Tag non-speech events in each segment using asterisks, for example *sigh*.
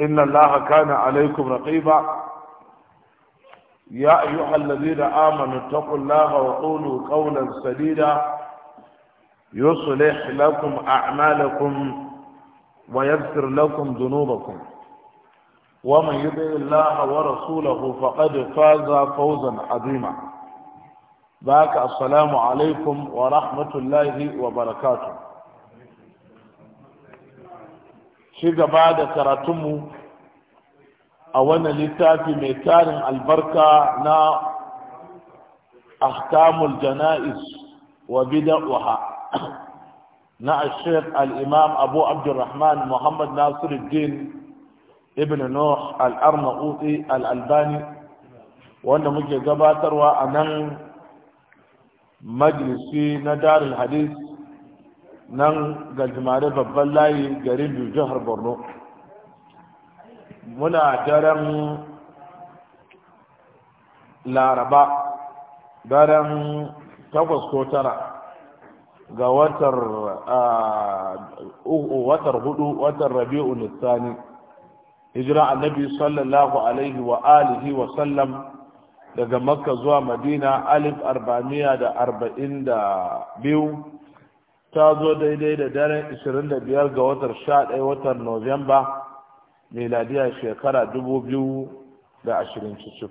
إن الله كان عليكم رقيبا يا أيها الذين آمنوا اتقوا الله وقولوا قولا سديدا يصلح لكم أعمالكم ويغفر لكم ذنوبكم ومن يطع الله ورسوله فقد فاز فوزا عظيما ذاك السلام عليكم ورحمة الله وبركاته ci gaba da karatunmu a wannan littafi mai tarin albarka na ahkamul jana'iz wa bida'uha na ashir al'imam abu abdurrahman muhammad nasiruddin ibn nuh al al'albani wanda muke gabatarwa a nan majalisi na darul hadis nan ga jimare babban layi garin biyu jihar borno muna daren laraba daren takwas ko tara ga watar watar hudu watar rabi'u nisani hijira annabi sallallahu alaihi wa alihi wa sallam daga makka zuwa madina alif arba'amiya da arba'in da biyu ta zo daidai da daren 25 ga watar 11 watan Nuwamba miladiya shekara 2020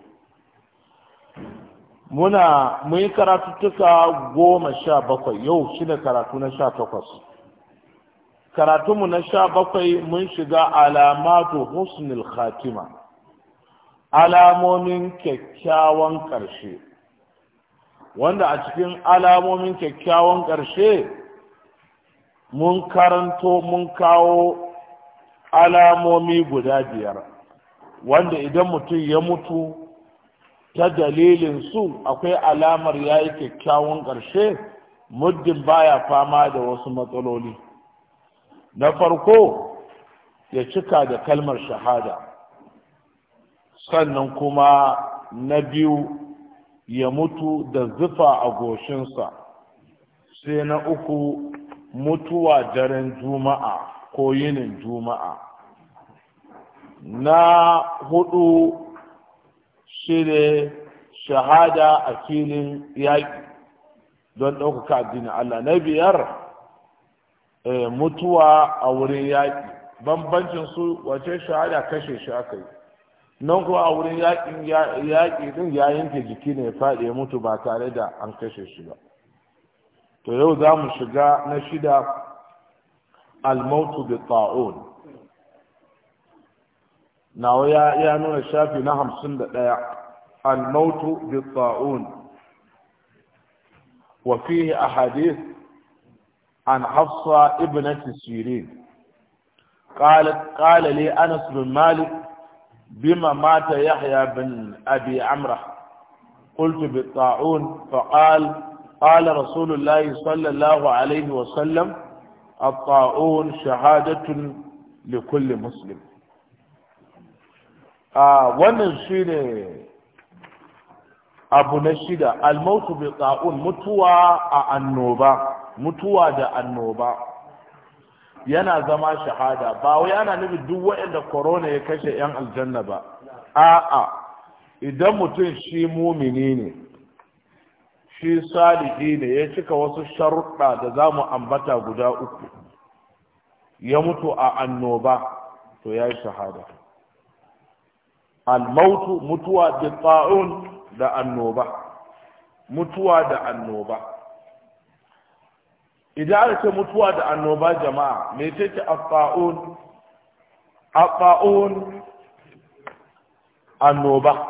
muna muyi karatuttuka goma sha bakwai yau shi ne karatu na sha takwas karatunmu na sha bakwai mun shiga alamatu husnul khatima alamomin kyakkyawan ƙarshe wanda a cikin alamomin kyakkyawan ƙarshe mun karanto mun kawo alamomi guda biyar wanda idan mutum ya mutu ta dalilin su akwai alamar ya yi kyakkyawan ƙarshe muddin baya fama da wasu matsaloli na farko ya cika da kalmar shahada sannan kuma na biyu ya mutu da zufa a goshinsa sai na uku mutuwa daren juma'a ko yinin juma'a na hudu shine shahada a filin yaƙi don ɗaukaka addinin Allah na biyar eh, mutuwa a wurin yaƙi bambancin su wace shahada kashe shi aka yi nan kuwa a wurin yaƙi din ya yanke jiki ne ya faɗi ya mutu ba tare da an kashe shi ba to yau za mu shiga na shida almautu bi ta'un nawa ya nuna shafi na hamsin da ɗaya almautu bi ta'un wa fihi ahadith an hafsa ibnati sirin قالت قال لي أنس بن مالك بما مات يحيى بن أبي عمرة قلت بالطاعون فقال قال رسول الله صلى الله عليه وسلم الطاعون شهادة لكل مسلم آه wannan ne abu na shida almautu bi ta'un mutuwa a annoba mutuwa da annoba yana zama shahada ba wai ana nufi duk waɗanda korona ya kashe yan aljanna ba a'a idan mutum shi mumini ne shi salihi ne ya cika wasu sharuɗa da za mu ambata guda uku ya mutu a annoba to ya yi shahada almautu mutuwa da tsa'un da annoba mutuwa da annoba idan aka ce mutuwa da annoba jama'a me ce ce afa'un afa'un annoba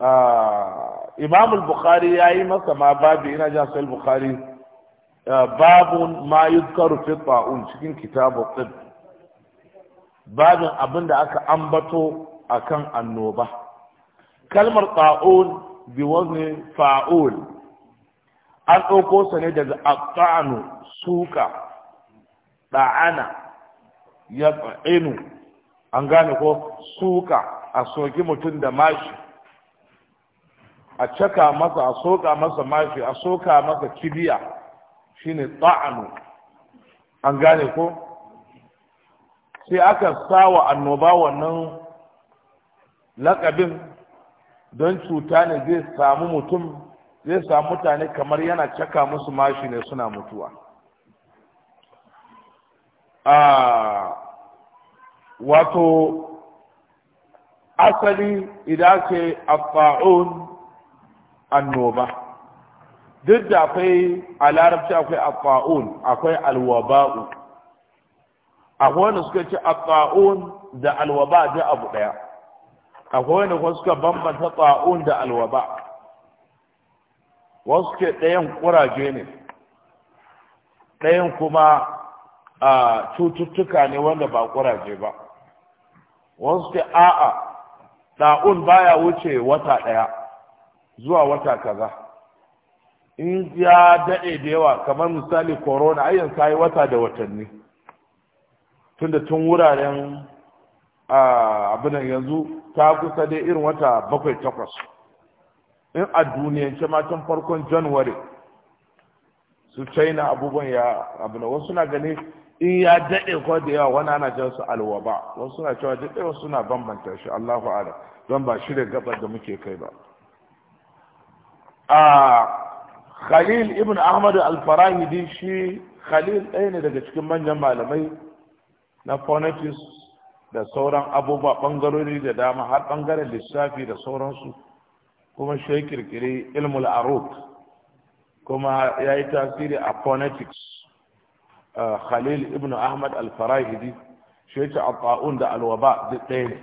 ah, imam bukhari ya yi masa ma babu ina jin sahih bukhari eh, babu ma yuzkaru fi ta'un cikin kitabu tib babin abin da aka ambato akan annoba kalmar ta'un bi wazni fa'ul an ɗauko sa ne daga aqtanu suka da'ana ya an gane ko suka a soki mutum da mashi a caka masa a soka masa mashi a soka masa kibiya shine ta'anu an gane ko sai aka sawa annoba wannan lakabin don cuta ne zai samu mutum zai samu mutane kamar yana caka musu mashi ne suna mutuwa wato asali idan ke a annoba duk da akwai a larabci akwai afa'un akwai alwaba'u akwai wanda suka ce afa'un da alwaba da abu daya akwai wanda kuma suka bambanta ta'un da alwaba wasu ke ɗayan kuraje ne ɗayan kuma a cututtuka ne wanda ba kuraje ba wasu ke a'a ɗa'un baya wuce wata ɗaya zuwa wata kaza in ya daɗe da yawa kamar misali corona ayyan ta yi wata da watanni tunda tun wuraren abinan yanzu ta kusa dai irin wata bakwai takwas in a duniyance ma tun farkon january su china abubuwan ya abinan wasu na gani in ya daɗe ko da yawa wani ana jan su alwaba wasu na cewa daɗe wasu na bambanta shi allahu ala don ba shi da gabar da muke kai ba a khalil ibn ahmad al-farahidi shi khalil ɗaya ne daga cikin manyan malamai na phonetics da sauran abubuwa ɓangarori da dama har ɓangaren lissafi da sauransu kuma shi ya kirkiri ilmul arut kuma ya yi tasiri a phonetics khalil ibn ahmad al-farahidi shi ya ce al da alwaba ɗaya ne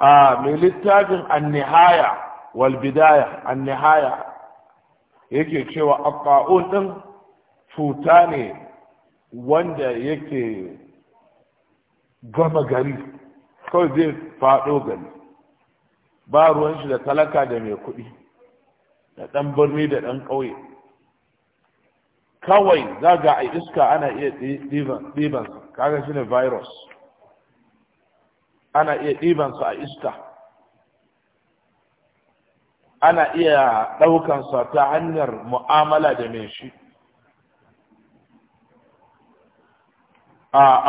a mai littafin annihaya wal bidaya an nihaya yake cewa aqa'un din cuta ne wanda yake gama gari kawai zai faɗo gari ba ruwan shi da talaka da mai kuɗi da ɗan birni da ɗan ƙauye kawai za ga a iska ana iya ɗiban kaga shi ne virus ana iya ɗibansa a iska ana iya ɗaukansa ta hanyar mu'amala da mai shi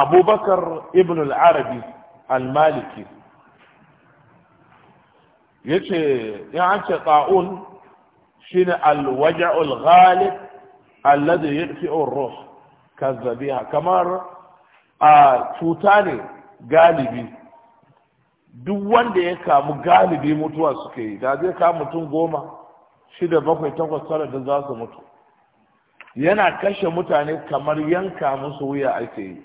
abubakar ibn al-arabi al-maliki ya ce ya an ce ta'un shi ne al-waja'ul ghalib alladhi yadfi'ur ruh kazzabiha kamar a cuta ne galibi duk wanda ya kamu galibi mutuwa suka yi da zai kama mutum goma shida bakwai takwas tara da za su mutu yana kashe mutane kamar yanka musu wuya ake yi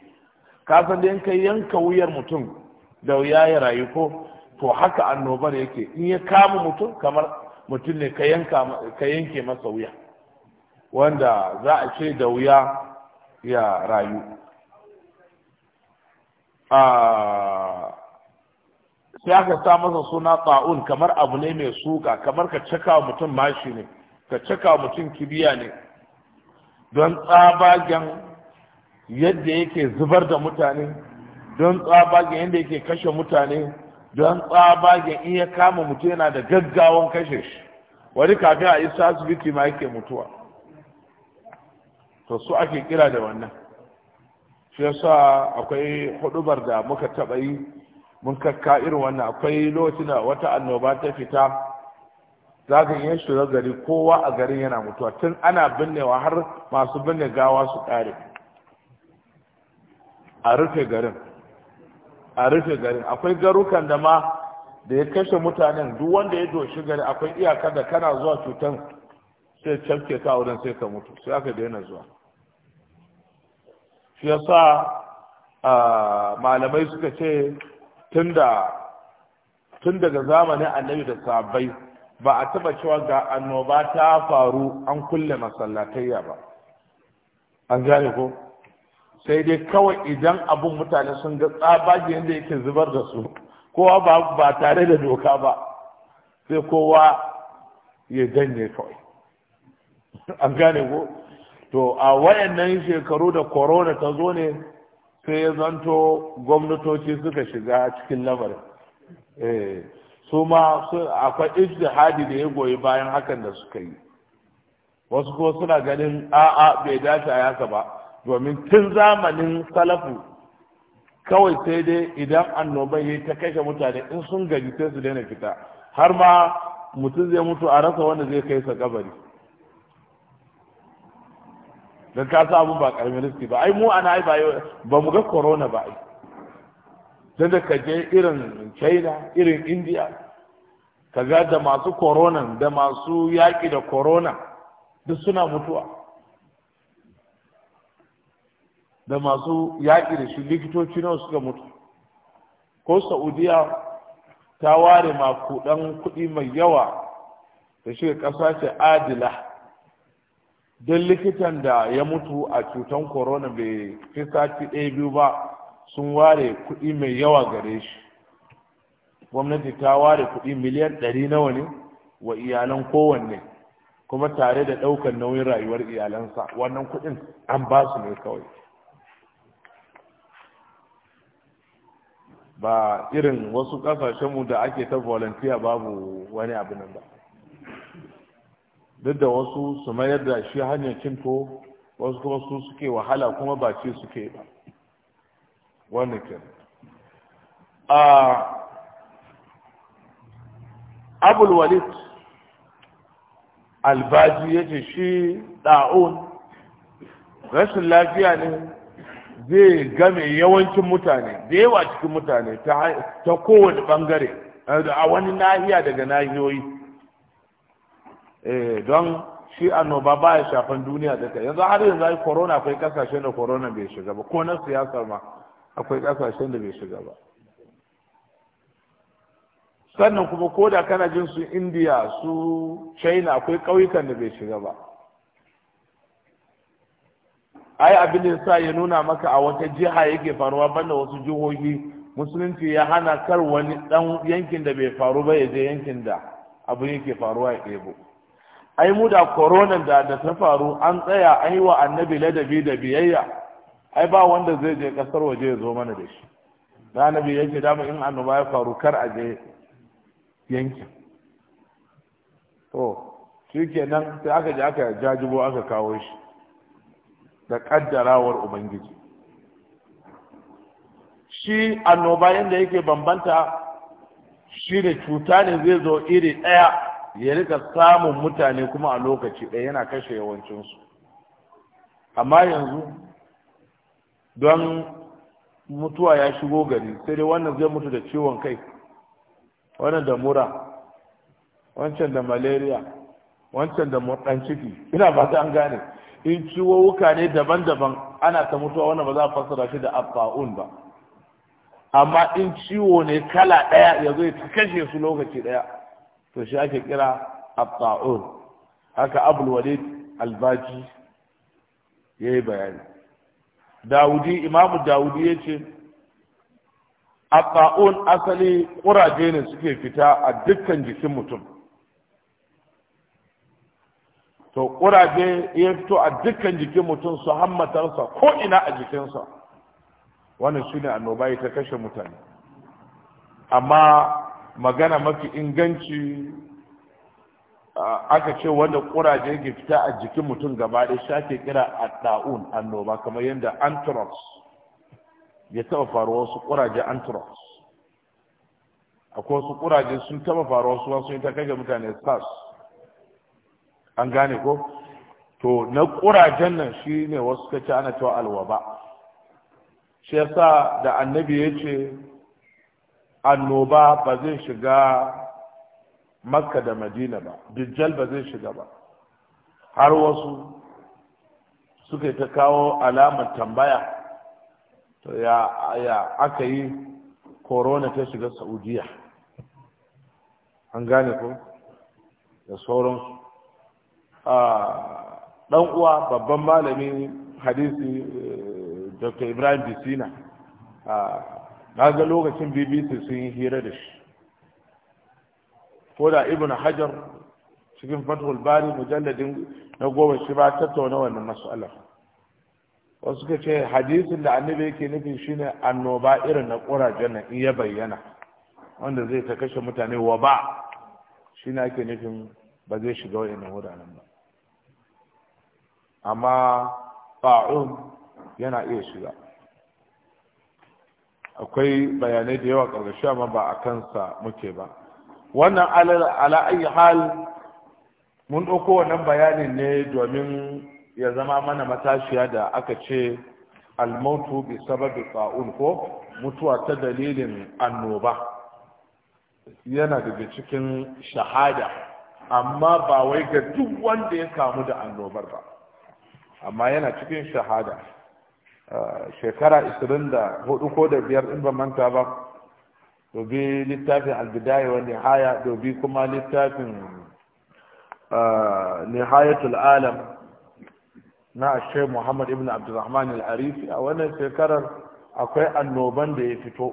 kasan da yanka yanka wuyar mutum da wuya ya rayu ko to haka annobar yake in ya kama mutum kamar mutum ne ka yanke masa wuya wanda za a ce da wuya ya rayu ah, sai aka sa masa suna ta'un kamar abu ne mai suka kamar ka caka mutum mashi ne ka caka mutum kibiya ne don tsabagen yadda yake zubar da mutane don tsabagen yadda yake kashe mutane don tsabagen in ya kama mutum yana da gaggawan kashe shi wani kafin a isa asibiti ma yake mutuwa to su ake kira da wannan shi yasa akwai hudubar da muka taɓa yi mun kakka irin wannan akwai lokacin da wata annoba ta fita za ka shiga gari kowa a garin yana mutuwa tun ana binnewa har masu binne gawa su kare a rufe garin a rufe garin akwai garukan da ma da ya kashe mutanen duk wanda ya doshi gari akwai iyaka da kana zuwa cutan sai cafke ta wurin sai ka mutu sai aka daina zuwa shi yasa ah, malamai suka ce tun daga zamanin annabi da sahabbai ba a taba cewa ga annoba ta faru an kulle masallatayya ba an gane ko sai dai kawai idan abun mutane sun ga tsabage yadda yake zubar da su kowa ba tare da doka ba sai kowa ya janye kawai an gane ko to a wayannan shekaru da corona ta zo ne sai ya zanto gwamnatoci suka shiga cikin lamarin eh, su ma akwai ijtihadi da ya goyi bayan hakan da suka yi wasu ko suna ganin a'a bai dace a yaka ba domin tun zamanin salafu kawai sai dai idan annoban ya ta kashe mutane in sun gaji sai su daina fita har ma mutum zai mutu a rasa wanda zai kai sa kabari don ka sa abu ba karamin riski ba ai mu ana ai ba mu ga corona ba ai tunda ka je irin china irin india ka ga da masu corona da masu yaƙi da corona duk suna mutuwa da masu yaƙi da shi likitoci nawa suka mutu ko saudiya ta ware makudan kuɗi mai yawa da shiga ƙasa ce adila don likitan da ya mutu a cutar korona bai fi sati ɗaya biyu ba sun ware kuɗi mai yawa gare shi gwamnati ta ware kuɗi miliyan ɗari nawa ne wa iyalan kowanne kuma tare da ɗaukar nauyin rayuwar iyalansa wannan kuɗin an ba su ne kawai ba irin wasu ƙasashenmu da ake ta volunteer babu wani abu nan ba duk da wasu su mayar da shi hanyar cinto wasu kuma suke wahala kuma ba ce suke ba wani kin a abul walid albaji ya ce shi da'un rashin lafiya ne zai game yawancin mutane da yawa cikin mutane ta kowane bangare a wani nahiya daga nahiyoyi Eh, don shi annoba ba ya shafan duniya duka yanzu har yanzu ai corona akwai kasashen da corona bai shiga ba ko na siyasa ma akwai kasashen da bai shiga ba sannan kuma ko da kana jin su india su china akwai ƙauyukan da bai shiga ba ai abin da sa ya nuna maka a wata jiha yake faruwa banda wasu jihohi musulunci ya hana kar wani dan yankin da bai faru ba ya je yankin da abin yake faruwa ya ɗebo ai mu da corona da da ta faru an tsaya ai wa annabi ladabi da biyayya ai ba wanda zai je kasar waje ya zo mana da shi da annabi yake mu in annoba ya faru kar a je yankin to shi kenan sai aka je aka jajibo aka kawo shi da kaddarawar ubangiji shi annoba yadda yake bambanta shi ne cuta ne zai zo iri ɗaya ya rika samun mutane kuma a lokaci ɗaya yana kashe yawancinsu amma yanzu don mutuwa ya shigo gari sai dai wannan zai mutu da ciwon kai wannan da mura wancan da malaria wancan da murɗan ciki ina ba ta an gane in ciwowuka ne daban-daban ana ta mutuwa wannan ba za a fassara shi da afa'un ba amma in ciwo ne kala ɗaya ya zo ya kashe su lokaci ɗaya to shi ake kira abta'un haka abul walid albaji yi bayani dawudi imamu dawudi ya ce abta'un asali kuraje ne suke fita a dukkan jikin mutum to kuraje ya fito a dukkan jikin mutum su hammatarsa ko ina a jikinsa wannan sune annoba ta kashe mutane amma magana mafi inganci aka ce wanda kuraje yake fita a jikin mutum gaba ɗaya shafe kira ɗa'un annoba kamar yadda anthrax ya taɓa faruwa wasu kuraje anthrax akwai wasu kuraje sun taɓa faruwa wasu wasu ta kai ga mutane sars an gane ko to na kurajen nan shi ne wasu kace ana cewa alwaba shi yasa da annabi ya ce annoba ba zai shiga makka da madina ba dijjal ba zai shiga ba har wasu suka yi ta kawo alamar tambaya to ya, ya aka yi korona ta shiga saudiya an gane ko da sauran. dan uwa babban malami hadisi eh, dr ibrahim bisina na ga lokacin bbc sun yi hira da shi ko da ibn hajar cikin fathul bari mujalladin na goma shi ba tattauna wannan mas'alar wasu suka ce hadisin da annabi yake nufin shine annoba irin na kura nan in ya bayyana wanda zai ta kashe mutane wa ba shine ake nufin ba zai shiga wayannan wuraren ba amma ba'un yana iya shiga akwai bayanai da yawa ƙarshe amma ba a kansa muke ba wannan ala ayi hal mun ɗauko wannan bayanin ne domin ya zama mana matashiya da aka ce almautu bi sababi ta'un ko mutuwa ta dalilin annoba yana daga cikin shahada amma ba wai ga duk wanda ya kamu da annobar ba amma yana cikin shahada shekara 24 ko da biyar in ba manta ba dobi littafin albidaya wa nihaya dobi kuma littafin nihayatul alam na ashe muhammad ibn abdulrahman al-arifi a wannan shekarar akwai annoban da ya fito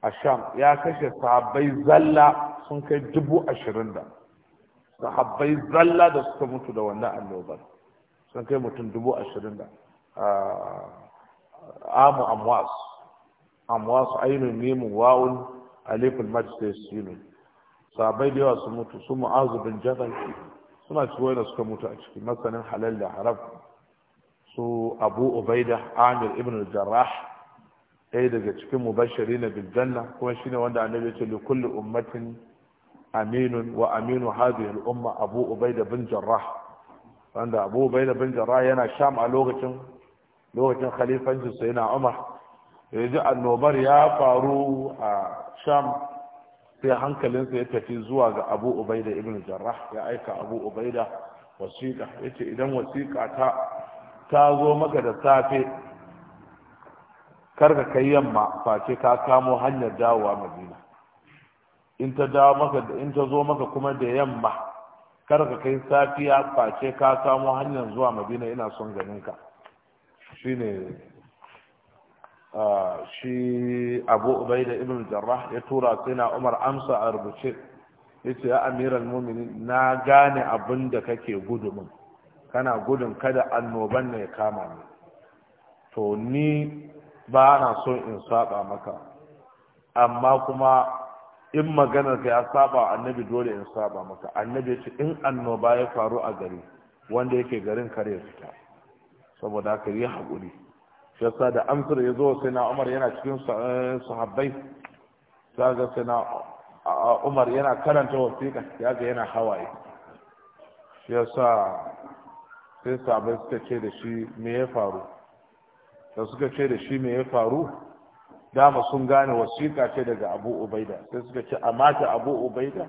a sham ya kashe sahabbai zalla sun kai dubu ashirin da sahabbai zalla da suka mutu da wannan annoban sun kai mutum dubu ashirin da amu amwas amwas ainu mimun wawun alifin majlis sinu sabai da yawa sun mutu su mu'azu bin jabal suna ciwo da suka mutu a ciki masanin halal da haram su abu ubaida amir ibn jarrah ɗaya daga cikin mubashiri na biljanna kuma shine wanda annabi ya ce li kulli ummatin aminun wa aminu hadhihi al umma abu ubaida bin jarrah wanda abu ubaida bin jarrah yana sham a lokacin lokacin khalifancin sai na umar ya ji annobar ya faru a sham sai hankalinsa ya tafi zuwa ga abu ubaida ibn jarrah ya aika abu ubaida wasiƙa ya ce idan wasiƙa ta ta zo maka da safe karka kai yamma face ka kamo hanyar dawowa madina in ta dawo maka in ta zo maka kuma da yamma karka kai safiya face ka kamo hanyar zuwa madina ina son ganin ka Shi ne, shi abu da ibn jarrah ya tura sai na umar amsa a rubuce Ya ce ya amiral mumini na gane abin da kake gudumin kana gudun kada annoban na ya kama ni to ni ba na so in saba maka amma kuma in maganar ka ya saba annabi dole in saba maka annabi ya ce in annoba ya faru a gari wanda yake garin kare fita saboda haka yi haƙuri shi yasa da amsar ya zo sai na umar yana cikin eh, sahabbai za ga sai na umar yana karanta wasiƙa ya ga yana hawaye shi yasa sai sahabbai suka ce da shi me ya faru da suka ce da shi me ya faru dama sun gane wasiƙa ce daga abu ubaida sai suka ce a mata abu ubaida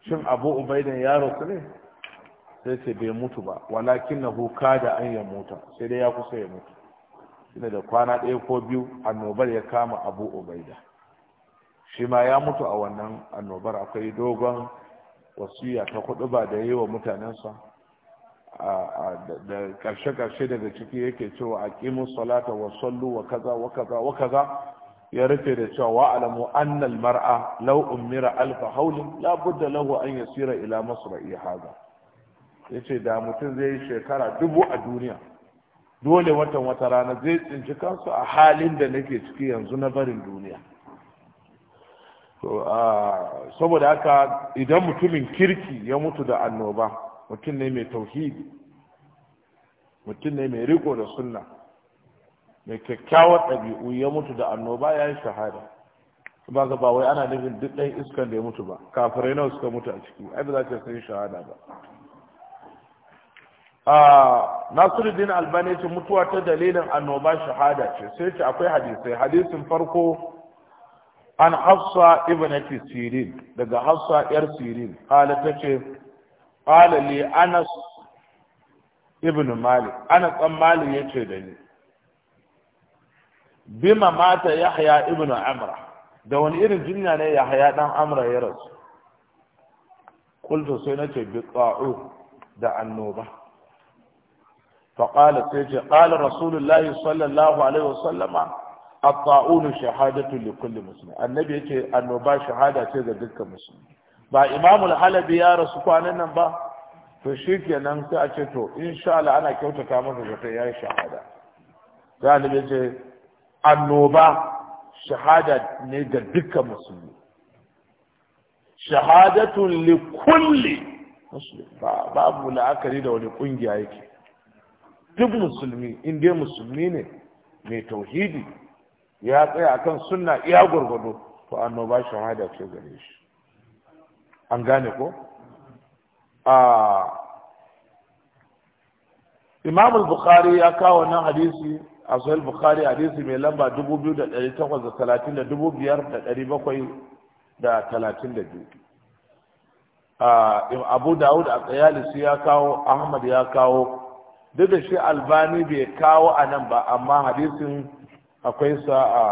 shin abu ubaida ya rasu ne sai ce bai mutu ba walakin na huka da an ya mutu sai dai ya kusa ya mutu shine da kwana ɗaya ko biyu annobar ya kama abu ubaida shi ma ya mutu a wannan annobar akwai dogon wasiya ta kudu ba da yi wa mutanensa da ƙarshe-ƙarshe daga ciki yake cewa a ƙimu salata wa sallu wa kaza wa kaza wa kaza ya rufe da cewa wa alamu annal mar'a law ummira alfa haulin la budda lahu an yasira ila masra'i hadha ya ce da mutum zai yi shekara dubu a duniya dole watan wata rana zai tsinci kansu a halin da nake ciki yanzu na barin duniya saboda haka idan mutumin kirki ya mutu da annoba mutum ne mai tauhidi mutum ne mai riko da sunna mai kyakkyawar ɗabi'u ya mutu da annoba ya yi shahada ba ga ba wai ana nufin duk ɗan iskan da ya mutu ba kafirai nawa suka mutu a ciki ai ba za ta san shahada ba nasiruddin albani ce mutuwa ta dalilin annoba shahada ce sai ce akwai hadisai hadisin farko an hafsa Ibn sirin daga hafsa yar sirin kala ta ce kala li anas ibn malik anas dan malik yace da ni bima mata yahya ibn amra da wani irin jinya ne yahya dan amra ya rasu kultu sai nace bi da annoba فقال سيجي قال رسول الله صلى الله عليه وسلم الطاعون شهادة لكل مسلم النبي يجي النبا شهادة سيجي دكا مسلم با إمام الحلبي يا رسول الله نبا فشيك ينام سأجتو إن شاء الله أنا كوتا كامل رجل يا شهادة قال يجي النبا شهادة نيجا دكا مسلم شهادة لكل مسلم babu la'akari da wani kungiya yake duk musulmi in dai musulmi ne mai tauhidi ya tsaya akan sunna iya gwargwado, to annoba shahada ce gare shi an gane ko a imam bukhari ya kawo nan hadisi a sahih bukhari hadisi mai lamba 2830 da a abu dawud a tsayalisi ya kawo ahmad ya kawo duk da shi albani bai kawo a nan ba amma hadisin akwai sa a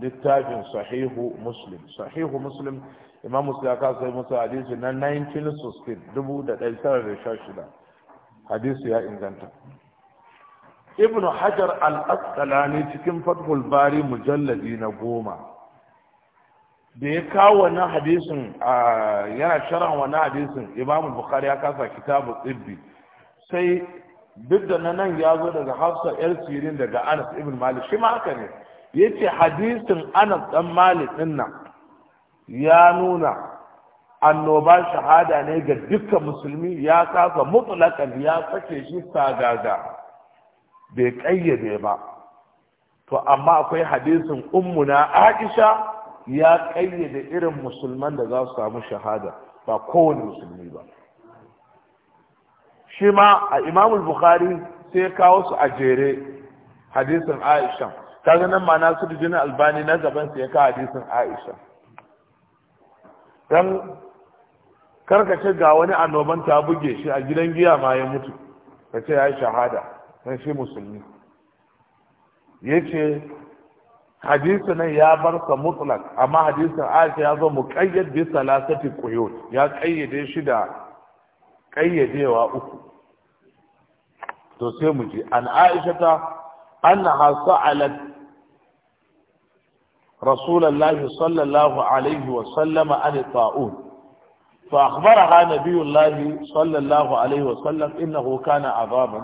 littafin sahihu muslim sahihu muslim imam muslim ka sai musu hadisi na 1916 hadisi ya inganta ibn hajar al-asqalani cikin fathul bari mujalladi na goma da ya kawo wannan hadisin yana sharhan wannan hadisin imam bukhari ya kasa kitabu tsibbi sai duk da na nan ya zo daga hafsa yar sirin daga anas ibn malik shi ma haka ne ya ce hadisin anas dan malik din nan ya nuna annoba shahada ne ga dukkan musulmi ya kafa mutlakan ya sake shi sagaga bai kayyade ba to amma akwai hadisin ummuna aisha ya kayyade irin musulman da za su samu shahada ba kowane musulmi ba shi ma a imamul bukhari sai kawo su a jere hadisin aisha kaga nan ma na su jinin albani na gaban sai ka hadisin aisha dan karkace ga wani annoban ta buge shi a gidan giya ma ya mutu ka ce ya yi shahada don shi musulmi Ya ce hadisi nan ya bar sa mutlak amma hadisin aisha ya zo mu bi salasati kuyo ya kayyade shi da ƙayyadewa uku to sai mu ji an aishata annaha sa'alat رسول الله صلى الله عليه وسلم عن الطاعون فأخبرها نبي الله صلى الله عليه وسلم إنه كان عذابا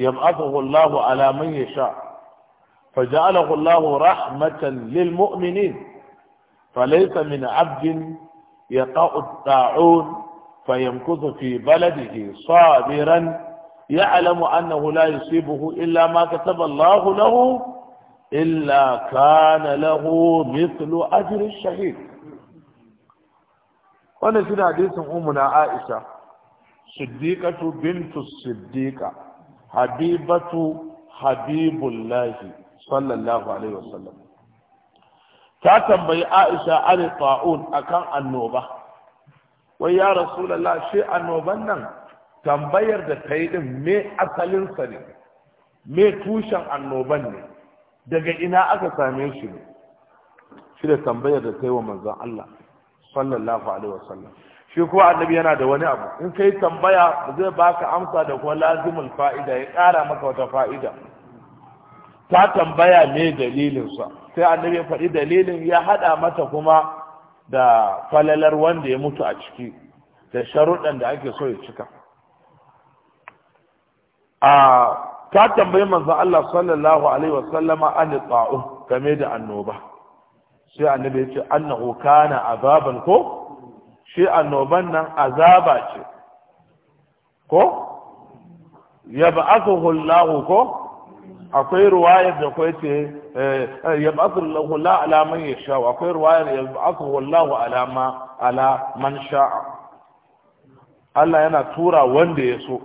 يبعثه الله على من يشاء فجعله الله رحمة للمؤمنين فليس من عبد يقع الطاعون فيمكث في بلده صابرا يعلم أنه لا يصيبه إلا ما كتب الله له إلا كان له مثل أجر الشهيد وانا في حديث أمنا عائشة صديقة بنت الصديقة حبيبة حبيب الله صلى الله عليه وسلم ta tambayi Aisha Ali Ta'un akan annoba wai ya rasulallah shi annoban nan tambayar da ta yi din me asalinsa ne me tushen annoban ne daga ina aka same shi ne shi da tambayar da ta yi wa manzon Allah sallallahu alaihi wasallam shi kuma annabi yana da wani abu in kai tambaya zai baka amsa da kuma lazimin fa'ida ya kara maka wata fa'ida ta tambaya ne dalilinsa sai annabi ya faɗi dalilin ya haɗa mata kuma da falalar wanda ya mutu a ciki da sharuɗan da ake so ya cika a ta tambayi manzon Allah sallallahu alaihi wa sallama an ta'u game da annoba sai annabi ya ce annahu kana azaban ko shi annoban nan azaba ce ko yab'athuhu Allah ko akwai ruwayar da kwai ce eh, eh, ya ba'athu lahu la ala man yasha akwai ruwayar ya ba'athu wallahu ala ma ala man sha'a Allah yana tura wanda ya so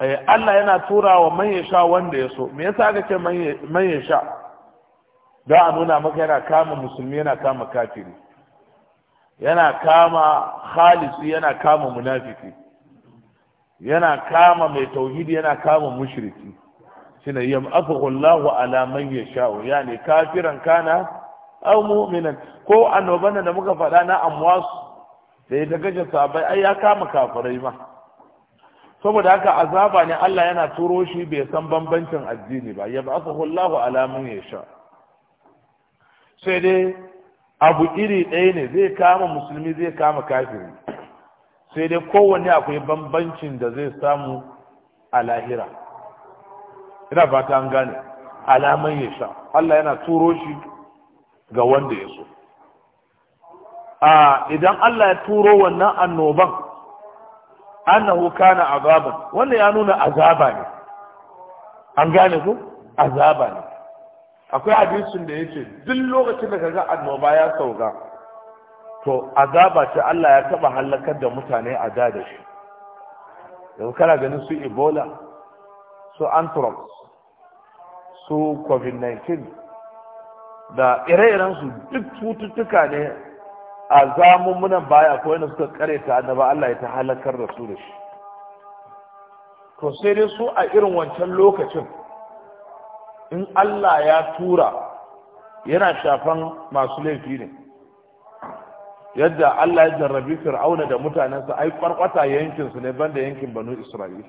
eh, Allah yana tura wa man yasha wanda ya so me yasa aka ce man yasha da a nuna maka yana kama musulmi yana kama kafiri yana kama khalisi yana kama munafiki yana kama mai tauhidi yana kama mushriki shine yam'afahu Allahu ala man yasha'u yani kafiran kana aw mu'minan ko annoban da muka faɗa na amwas da ya sabai ai ya kama kafirai ma saboda haka azaba ne Allah yana turo shi bai san bambancin addini ba yab'athahu Allahu ala man yasha sai dai abu iri ɗaya ne zai kama musulmi zai kama kafiri sai dai kowanne akwai bambancin da zai samu a lahira ina fata an gane alaman ya sha Allah yana turo shi ga wanda ya so a idan Allah ya turo wannan annoban annahu kana azaban wannan ya nuna azaba ne an gane ko azaba ne akwai hadisin da yake duk lokacin da kaga annoba ya sauka to azaba ce Allah ya taba halakar da mutane a da da shi yanzu kana ganin su ebola su anthrax su covid-19 da ire-iren su duk cututtuka ne a muna baya ko yana suka kare ta annaba Allah ya ta halakar da su da shi to sai dai su a irin wancan lokacin in Allah ya tura yana shafan masu laifi ne yadda Allah ya jarrabi fir'auna da mutanensa ai kwarkwata yankinsu ne banda yankin banu isra'il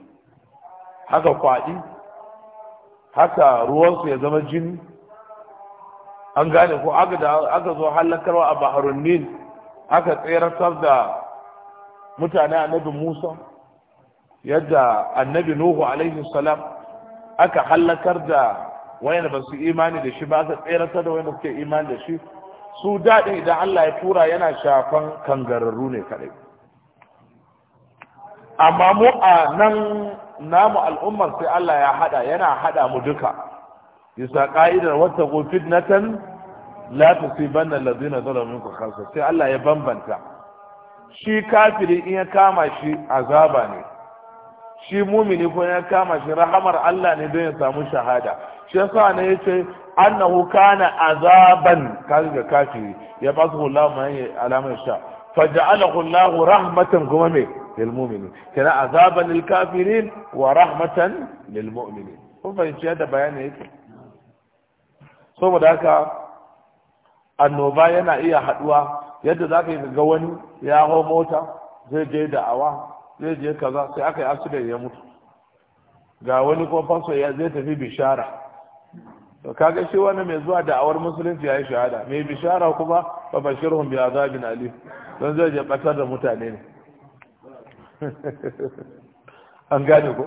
haka kwaɗi haka ruwansu ya zama jini an gane ko aka zo halakarwa a baharun nil aka tseratar da mutane annabi musa yadda annabi nuhu alaihi salam aka halakar da wayanda ba su imani da shi ba aka tseratar da wayanda suke imani da shi su daɗi idan allah ya tura yana shafan kangararru ne kaɗai amma mu a nan namu al'ummar sai Allah ya hada yana hada mu duka bisa ka'idar wata go fitnatan la tusibanna allazina zalamu minkum khassa sai Allah ya bambanta shi kafiri in ya kama shi azaba ne shi mumini ko ya kama shi rahamar Allah ne don ya samu shahada shi yasa ne yace annahu kana azaban kaga kafiri ya basu Allah ma yayi alamar sha faja'alahu Allah rahmatan kuma me lil mu'minin kana kafirin wa rahmatan lil mu'minin kun fahimci yadda bayani yake saboda haka annoba yana iya haɗuwa yadda za ka ga wani ya mota zai je da'awa zai je kaza sai aka yi accident ya mutu ga wani kuma faso ya zai tafi bishara to kaga shi wani mai zuwa da'awar musulunci ya yi shahada mai bishara kuma ba bashirhum bi azabin alim don zai je batar da mutane ne *laughs* an gane ko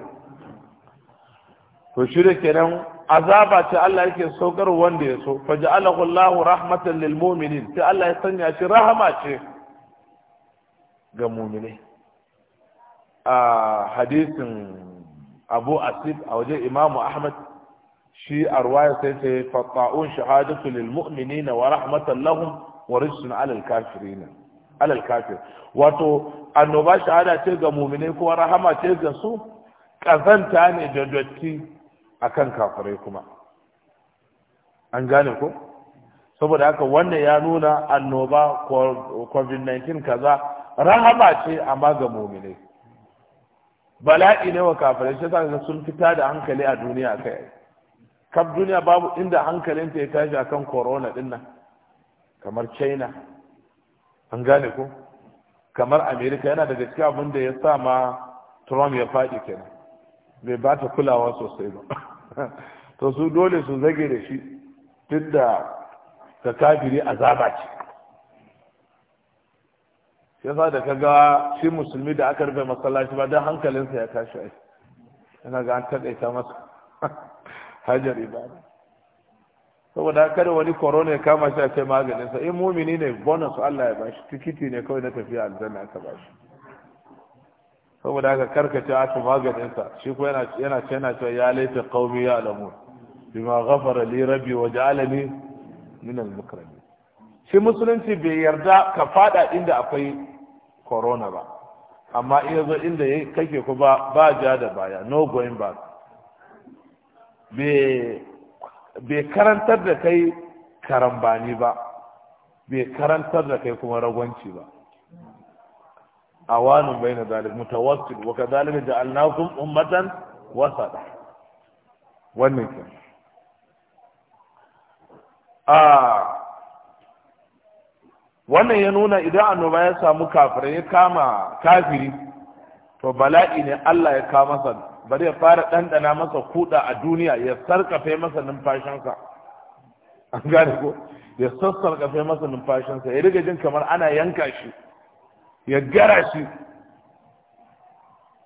to shi da kenan azaba ce Allah yake saukar wanda ya so faj'alahu Allahu rahmatan lil mu'minin sai Allah ya sanya shi rahama ce ga mu'minai a hadisin Abu Asib a waje Imam Ahmad shi a sai sai fatta'un shahadatu lil mu'minina wa rahmatan lahum wa rizqun 'ala al kafirin 'ala al kafir wato annoba shahada ce ga muminai kuma rahama ce ga su kazanta ne da dotti akan kafirai kuma an gane ko saboda haka wannan ya nuna annoba covid-19 kaza rahama ce amma ga muminai bala'i ne wa kafirai shi sa sun fita da hankali a duniya kai kaf duniya babu inda hankalinta ya tashi akan corona dinnan kamar china an gane ko kamar amerika yana da gaske abin da ya sa ma trump ya faɗi kenan bai ba ta kulawa sosai ba *laughs* to su dole su zage da shi duk da ka kafiri azaba ce ya sa da kaga shi musulmi da aka rufe masallaci ba don hankalinsa ya tashi aiki, yana ga an taɗaita masa *laughs* hajar ibada saboda kada wani korona ya kama shi a kai maganin sa in mumini ne bonus Allah ya bashi tikiti ne kawai na tafiya aljanna aka bashi saboda haka karkace a kai maganin sa shi ko yana yana yana ce ya laita qaumi ya alamu bima ghafara li rabbi wa ja'alani min al mukarramin shi musulunci bai yarda ka fada inda akwai korona ba amma in zo inda kake ku ba ba ja da baya no going back bai bai karantar da kai karambani ba bai karantar da kai kuma ragwanci ba awanun bai na zalik mutawassil wa ka zalika ja'alnakum ummatan wasata wannan ke a wannan ya nuna idan annoba ya samu kafirai ya kama kafiri to bala'i ne Allah ya kama masa bari ya fara ɗanɗana masa kuɗa a duniya ya sarkafe masa numfashinsa an gane ko ya sassarkafe masa numfashinsa ya riga jin kamar ana yanka shi ya gara shi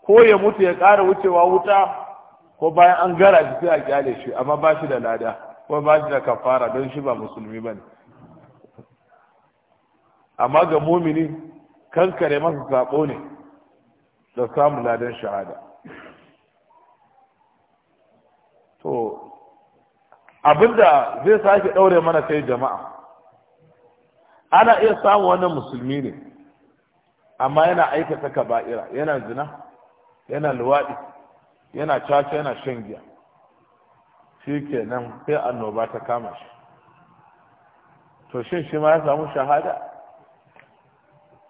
ko ya mutu ya ƙara wucewa wuta ko bayan an gara shi sai a kyale shi amma ba shi da lada ko ba shi da kafara don shi ba musulmi ba ne amma ga mumini kankare masa saɓo ne da samun ladan shahada abinda zai sake ɗaure mana kai jama'a ana iya samu wannan musulmi ne amma yana aikata kaba'ira yana zina yana luwaɗi yana caca yana shan giya shi ke nan sai annoba ta kama shi to shin shi ma ya samu shahada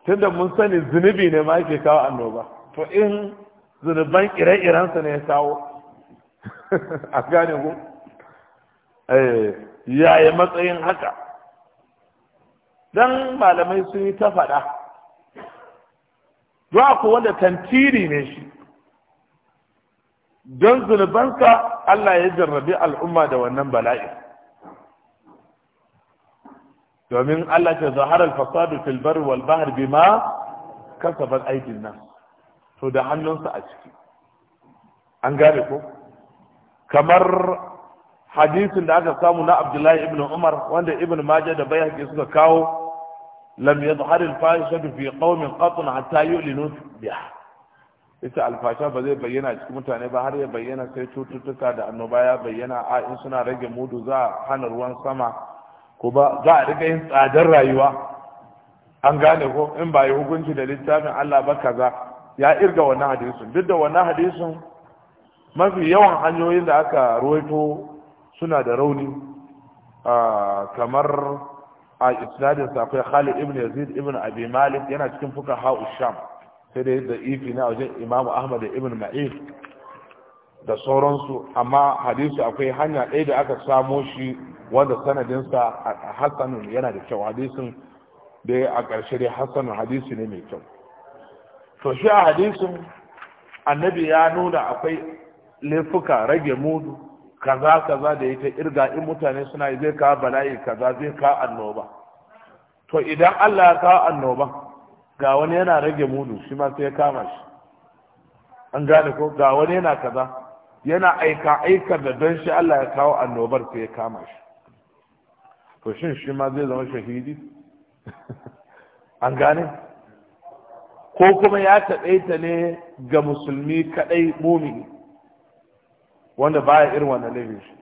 tunda mun sani zunubi ne ma yake kawo annoba to in zunuban ire-irensa ne ya kawo a *laughs* gane ku Eh, yaya matsayin haka dan malamai sun yi ta faɗa ba akwai wanda tantiri ne shi don zunubansa Allah ya jarrabi al'umma da wannan bala'i domin Allah ke zahara al-fasadu fil barri wal bahri bima kasabat aydin nas to da hannunsa a ciki an gane ko kamar hadisin da aka samu na abdullahi ibn umar wanda ibn majah da bayhaqi suka kawo lam yadhhar al fahishatu fi qaumin qatun hatta yu'linu biha ita alfasha ba zai bayyana cikin mutane ba har ya bayyana sai cututtuka da annoba ya bayyana a in suna rage mudu za hana ruwan sama ko ba za a riga yin tsadar rayuwa an gane ko in ba yi hukunci da littafin Allah ba kaza ya irga wannan hadisin duk da wannan hadisin mafi yawan hanyoyin da aka ruwaito suna da rauni kamar a isnadin akwai Khalid ibn Yazid ibn Abi Malik yana cikin hau Sham sai da yadda ifi na wajen Imam Ahmad ibn Ma'in da sauransu amma hadisi akwai hanya ɗaya da aka samo shi wanda sanadinsa a hassanun yana da kyau hadisin da a ƙarshe dai hassanun hadisi ne mai kyau to shi a hadisin annabi ya nuna akwai laifuka rage mudu kaza kaza da yake irga in mutane suna zai kawo bala'i kaza zai kawo annoba to idan Allah ya kawo annoba ga wani yana rage mudu shi ma sai ya kama shi an gane ko ga wani yana kaza yana aika aika da don shi Allah ya kawo annobar sai ya kama shi to shin shi ma zai zama shahidi *laughs* an gane ko kuma ya taɗaita ne ga musulmi kaɗai mumini wanda baya irin wannan laifin shi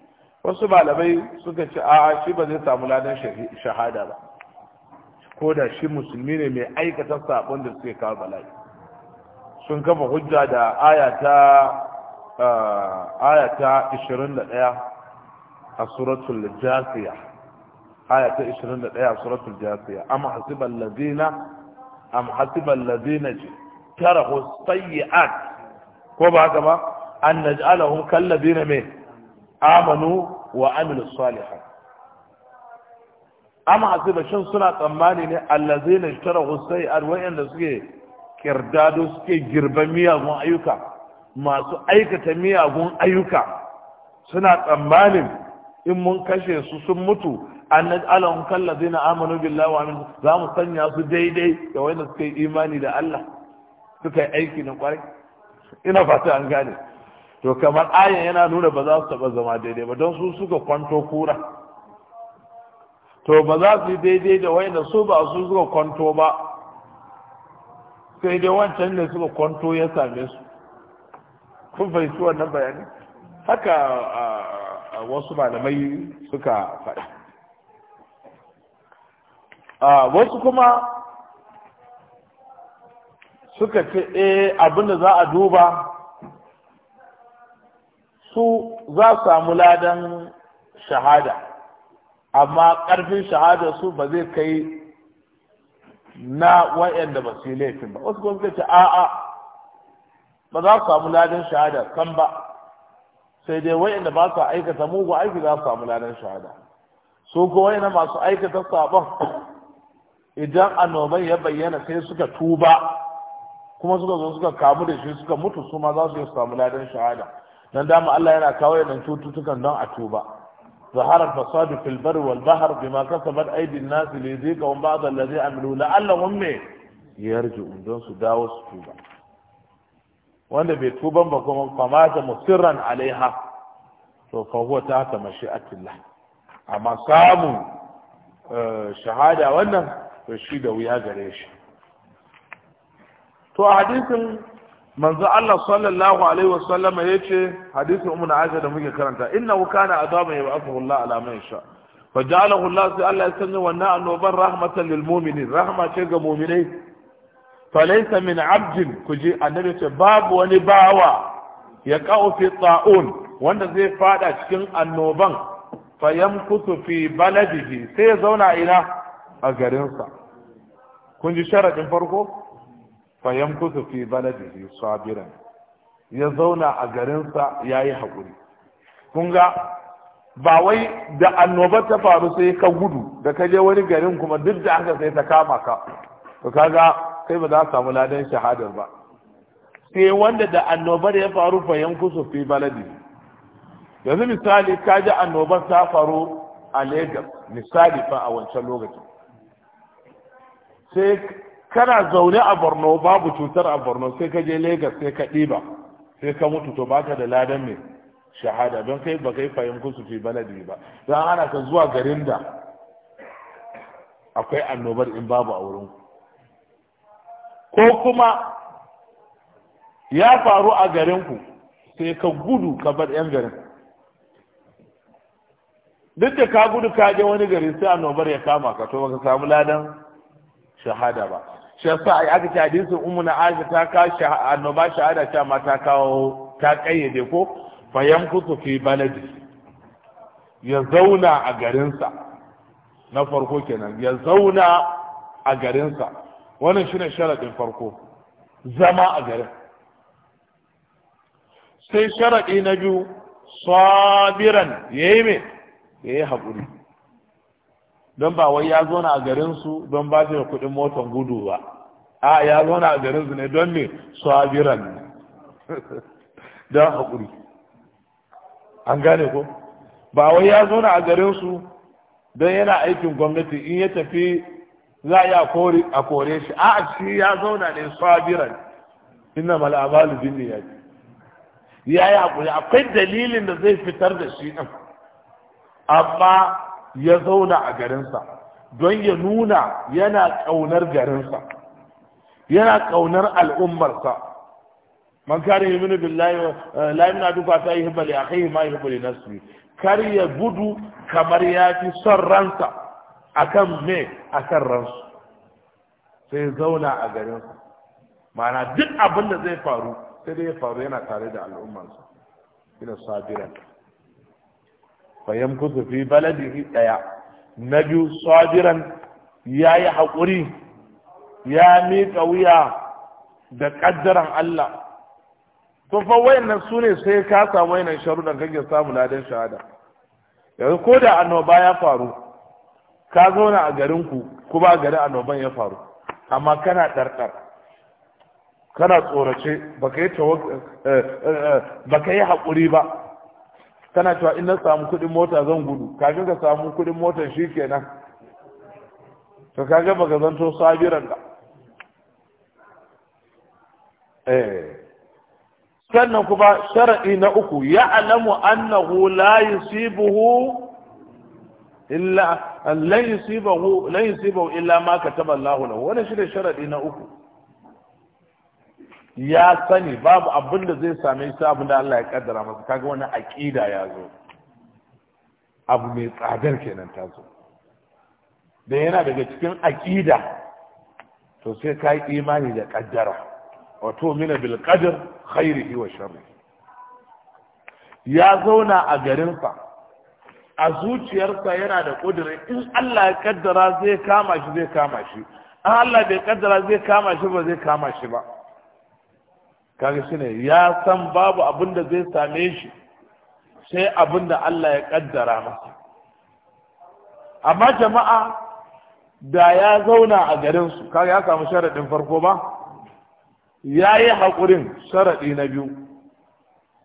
wasu malamai suka ce a shi ba zai samu ladan shahada ba ko da shi musulmi ne mai aikata sabon da suke kawo bala'i sun kafa hujja da ayata 21 ah, a suratul jasiya ayata 21 a suratul jasiya am hasiban ladina am hasiban ladina tarahu sayyi'at ko ba haka ba an naj'alahum kallabina me amanu wa amilu salihan amma hasiba shin suna tsammani ne allazina ishtarahu sayyi'at da suke kirdado suke girban miyagun ayyuka masu aikata miyagun ayyuka suna tsammanin in mun kashe su sun mutu an naj'alahum kallazina amanu billahi wa amilu za mu sanya su daidai da wanda suke imani da Allah suka yi aiki na kwarai ina fata an gane to kamar ayan yana nuna ba za su taɓa zama daidai ba don su suka kwanto kura to ba za su yi daidai da wayanda su ba su suka kwanto ba sai dai wancan ne suka kwanto ya same su kun fahimci wannan bayani haka wasu malamai suka faɗa wasu kuma suka ce eh abinda za a duba su za su samu ladan shahada amma ƙarfin shahada su ba zai kai na wa'yanda ba su laifin ba wasu kuma ce a'a ba za su samu ladan shahada kan ba sai dai wa'yanda ba su aikata mugu aiki za su samu ladan shahada su ko wa'yanda masu aikata sabon idan annoban ya bayyana sai suka tuba kuma suka zo suka kamu da shi suka mutu su ma za su yi samu ladan shahada dan dama Allah yana kawo yana cututtukan don a tuba ظهر الفساد في البر والبحر بما كسبت ايدي الناس ليذيقهم بعض الذي عملوا لعلهم يرجعون دون su dawo su tuba wanda bai tuban ba kuma famata musirran alaiha to fa huwa tahta mashi'atillah amma samu eh, shahada wannan to shi da wuya gare shi to a hadisin manzo Allah sallallahu alaihi wasallama yace hadisin ummu Aisha da muke karanta innahu kana azaba yab'athu Allah ala man yasha fajalahu Allah sai Allah ya sanya wannan annoban rahmatan lil mu'minin rahma ce ga mu'minai falaysa min abdin kuji annabi ce babu wani bawa ya qa'u fi ta'un wanda zai fada cikin annoban fayamkutu fi baladihi sai ya zauna ina a garinsa kun ji sharadin farko fayan kusa fi baladihi sabiran ya zauna a garinsa ya yi haƙuri kun ga ba wai da annobar ta faru sai ka gudu da ka je wani garin kuma duk da aka sai ta kama ka to kaga kai ba za ka samu ladan shahadar ba sai wanda da annobar ya faru fayan kusa fi yanzu misali ka ji annobar ta faru a Legas misali fa a wancan lokacin sai kana zaune a borno babu cutar a borno sai ka je lagos sai ka ɗiba sai ka mutu to baka da ladan mai shahada don kai ba kai fahimkun su fi baladi ba don ana ka zuwa garin da akwai annobar in babu a wurin ko kuma ya faru a garinku sai ka gudu ka bar 'yan garin duk da ka gudu ka je wani gari sai annobar ya kama ka to baka samu ladan shahada ba shi yasa ai aka ce hadisin ummu na aisha ta ka annoba shahada ta ma ta kawo ta kayyade ko fa yamkutu fi baladi ya zauna a garin sa na farko kenan ya zauna a garin sa wannan shine sharadin farko zama a garin sai sharadi na biyu sabiran yayi me yayi hakuri. don ba wai ya zo na a garinsu don ba shi da kuɗin motan gudu ba a ya zo na a garinsu ne don ne sabiran *laughs* don haƙuri an gane ko ba wai ya zo na a su don yana aikin gwamnati in ya tafi za a yi a kore shi a shi ya zauna ne sabiran inna mal'amalu bin ce ya yi haƙuri akwai dalilin da zai fitar da shi amma ya zauna a garinsa don ya nuna yana ƙaunar garinsa yana ƙaunar al'ummarsa man kare yi mini billahi eh, la duka ta yi hibali a kai ma yi hibali na su kar ya gudu kamar ya fi son ransa a akan me akan ransu sai ya zauna a garinsa ma'ana duk abin da zai faru sai dai ya faru yana tare da al'ummarsa ina sabirar fayyam kusa fi baladi ɗaya na biyu sabiran ya yi haƙuri ya miƙa wuya da ƙaddaran Allah to fa wayannan su ne sai ka samu wayannan sharuɗan kake samu ladan shahada yanzu ko da annoba ya faru ka zauna a garin ku kuma garin annoban ya faru amma kana ɗarɗar kana tsorace baka eh, eh, eh, yi haƙuri ba kana cewa in na samu kuɗin mota zan gudu kaga ka samu kuɗin mota shi kenan to kaga baka zanto sabiran ka eh sannan kuma shar'i na uku alamu annahu la yusibuhu illa la yusibuhu la yusibuhu illa ma kataba Allahu lahu wannan shi ne sharadi na uku ya sani babu abin da zai same shi abin da Allah ya kaddara masa kaga wani aqida ya zo abu mai tsadar kenan ta zo da yana daga cikin aqida to sai ka yi imani da kaddara wato mina bil qadr khairihi wa sharri ya zauna a garinsa a zuciyarsa yana da kudure in Allah ya kaddara zai kama shi zai kama shi in Allah bai kaddara zai kama shi ba zai kama shi ba kaga ne ya san babu abin da zai same shi sai abin da Allah ya kaddara masa amma jama'a da ya zauna a garin su kaga ya samu sharadin farko ba ya yi haƙurin sharaɗi na biyu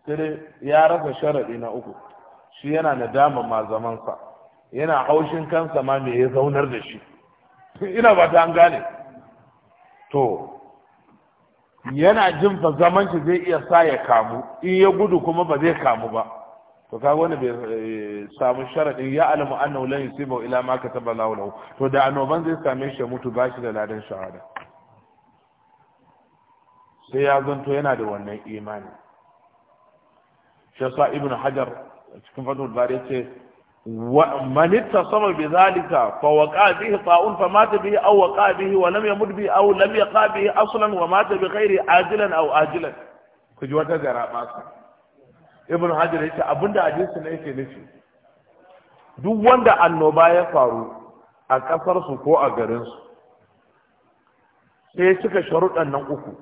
sai ya rasa sharaɗi na uku shi yana nadama ma zamansa yana haushin kansa ma me ya zaunar da shi ina ba ta an gane to yana jin fa zaman shi zai iya sa ya kamu in ya gudu kuma ba zai kamu ba to ka wani bai eh, samu sharadin ya alamu annahu lan yusibu ila ma kataba Allahu lahu to da annoban zai same shi mutu ba shi da ladan shahada sai ya zanto yana da wannan imani shi yasa ibnu hajar cikin fadul bari yace bihi اتصم بذلك فوقع به طاعون فمات به wa وقع به ولم يمت به أو لم يقع به mata ومات بغير عاجلا أو آجلا كجي wata gara masa ibn hajar yace abinda hadisi ne yake nufi duk wanda annoba ya faru a kasar su ko a garin su sai suka sharuɗan nan uku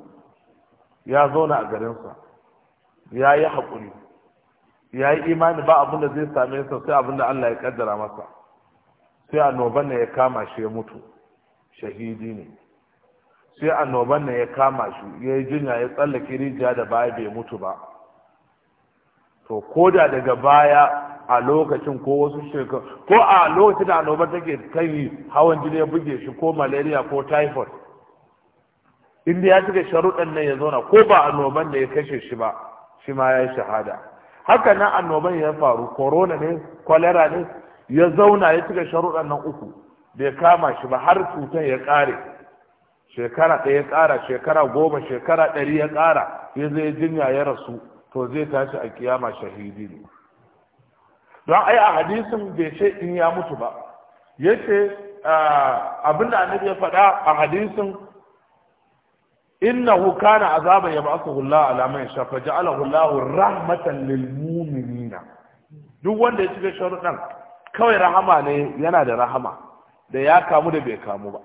ya zauna a garin sa ya yi haƙuri ya yi imani ba abin da zai same sa sai abin da Allah ya kaddara masa sai annoban ne ya kama shi ya mutu shahidi ne sai annoban nan ya kama shi ya yi jinya ya tsallake rijiya da baya bai mutu ba to ko da daga baya a lokacin ko wasu shekaru ko a lokacin da annoban take kai hawan jini ya buge shi ko malaria ko typhoid inda ya cika sharuɗan nan ya zauna ko ba annoban da ya kashe shi ba shi ma ya yi shahada haka nan annoban ya faru corona ne cholera ne ya zauna ya cika sharuɗan nan uku bai kama shi ba har cutar ya ƙare shekara ɗaya ya ƙara shekara goma shekara ɗari ya ƙara ya zai jinya ya rasu to zai tashi a kiyama shahidi ne don ai a hadisin bai ce in ya mutu ba yace ah, abinda annabi ya faɗa a hadisin إنه كان عذابا يبعثه الله على من يشاء فجعله الله رحمة للمؤمنين duk wanda ya shiga sharuɗan kawai rahama ne yana da rahama da ya kamu da bai kamu ba